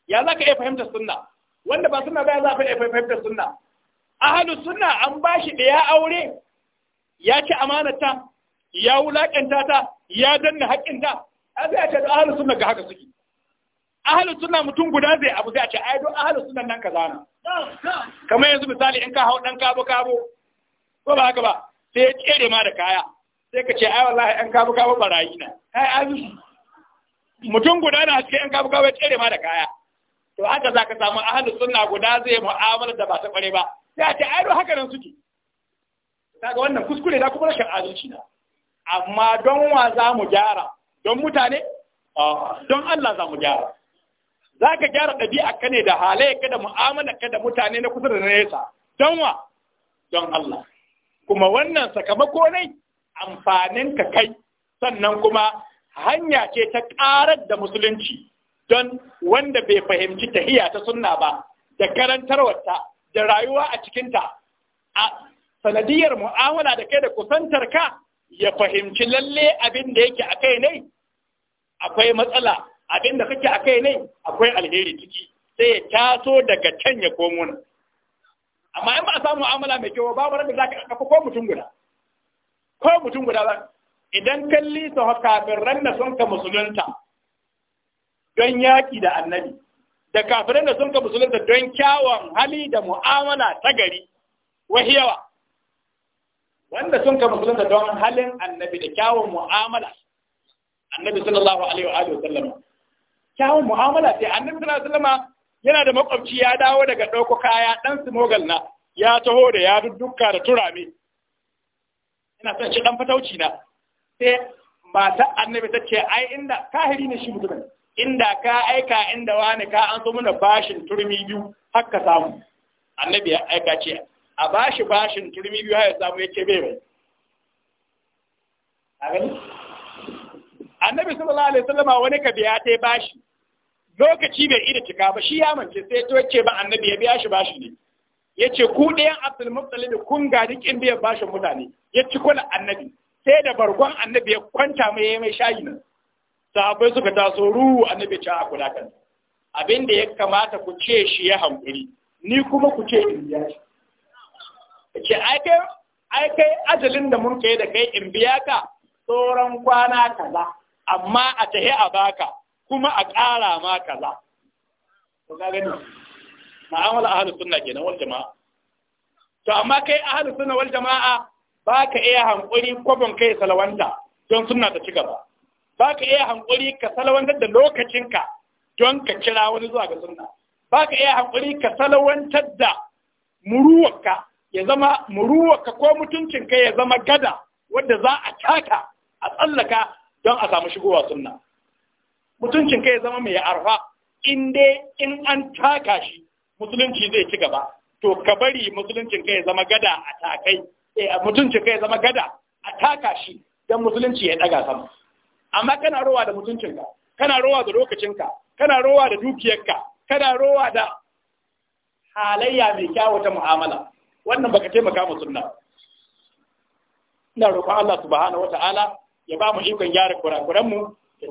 ya za ka iya fahimtar sunna wanda ba sunna ba ya za ka iya fahimtar sunna ahalin sunna an ba shi da ya aure ya ci amanata ya wulaƙanta ta ya danna haƙƙinta a zai ce da ahalin sunna ga haka suke ahalus suna mutum guda zai abu sai a ce ai don ahalus sunna nan ka zana kamar yanzu misali in ka hau dan kabo kabo ko ba haka ba sai ya tsere ma da kaya sai ka ce ai wallahi an kabo kabo barayi na ai azu mutum guda na cikin an kabo kabo ya tsere ma da kaya to haka zaka samu ahalus suna guda zai mu'amala da ba ta bare ba sai a ce ai don haka nan suke kaga wannan kuskure da kuma rashin adalci na amma don wa za mu gyara don mutane don Allah za mu gyara za ka gyara ɗabi'a ka ne da ka da mu'amala ka da mutane na kusa da nesa don wa don Allah kuma wannan sakamako ne amfanin ka kai sannan kuma hanya ce ta ƙarar da musulunci don wanda bai fahimci tahiya ta sunna ba da karantarwarta da rayuwa a cikinta a sanadiyar mu'amala da kai da kusantar ka ya fahimci lalle abin da yake a kai ne akwai matsala abin da kake a kai ne akwai alheri ciki sai ya taso daga can ya komo nan amma in ba a samu mu'amala mai kyau ba da zaka kafa ko mutum guda ko mutum guda ba idan kalli ta kafin ran da sun ka musulunta don yaki da annabi da kafiran da sun ka musulunta don kyawun hali da mu'amala ta gari wahiyawa wanda sun ka musulunta don halin annabi da kyawun mu'amala annabi sallallahu alaihi wa sallam kyawun mu'amala sai annabi sallallahu alaihi wasallam yana da makwabci ya dawo daga ɗauko kaya su mogal na ya taho da ya dudduka da turame ina son shi ɗan fatauci na sai mata annabi ta ce ai inda kahiri ne shi mutum inda ka aika inda wani ka an so muna bashin turmi biyu haka samu annabi ya aika ce a bashi bashin turmi biyu haka samu ya ce bai bai annabi sallallahu alaihi wasallam wani ka biya ta bashi lokaci bai ida cika ba shi ya mance sai to yace ba annabi ya biya shi bashi ne yace ku ɗayan Abdul Muttalib kun ga dikin biya bashin mutane ya ci kula annabi sai da bargon annabi ya kwanta mai yayi mai shayi ne sahabbai suka taso ruhu annabi ya a kula kan abin da ya kamata ku ce shi ya hankuri ni kuma ku ce in biya shi yace ai kai ai kai ajalin da mun kai da kai in biya ka sauran kwana kaza amma a tahi a baka kuma a ƙara ma kaza to ga gani ma'amala ahlus suna kenan wal jama'a to amma kai ahlus suna wal jama'a ka iya hankuri kwabon kai salawanta don suna ta ci gaba ka iya hankuri ka salawantar da lokacinka don ka kira wani zuwa ga Ba ka iya hankuri ka salawantar da muruwarka ya zama muruwarka ko mutuncinka ya zama gada wadda za a taka a tsallaka don a samu shigowa sunna mutuncin ka ya zama mai arfa in dai in an taka shi musulunci zai ci gaba to ka bari musuluncin ka zama gada a takai eh, mutuncin ka ya zama gada a taka shi dan musulunci ya daga sama amma kana rowa da mutuncinka kana rowa da lokacinka kana rowa da dukiyarka kana rowa da halayya mai kyawu ta mu'amala wannan baka taimaka mu sunna ina roƙon Allah subhanahu wata'ala ya ba mu ikon gyara kurakuran mu ya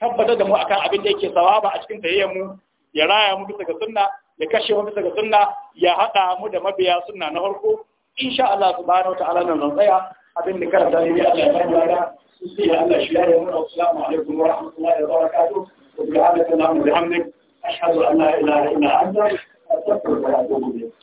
tabbatar da mu akan abin da yake sawaba a cikin tayayyar mu ya raya mu bisa ga sunna ya kashe mu bisa ga sunna ya hada mu da mabiya sunna na farko insha Allah subhanahu ta'ala nan tsaya abin da karanta ne Allah ya bani su sai Allah shi ya mu assalamu alaikum wa rahmatullahi wa barakatuh wa bi'alaka na'am bihamdik ashhadu an la ilaha illa anta astaghfiruka wa atubu ilayk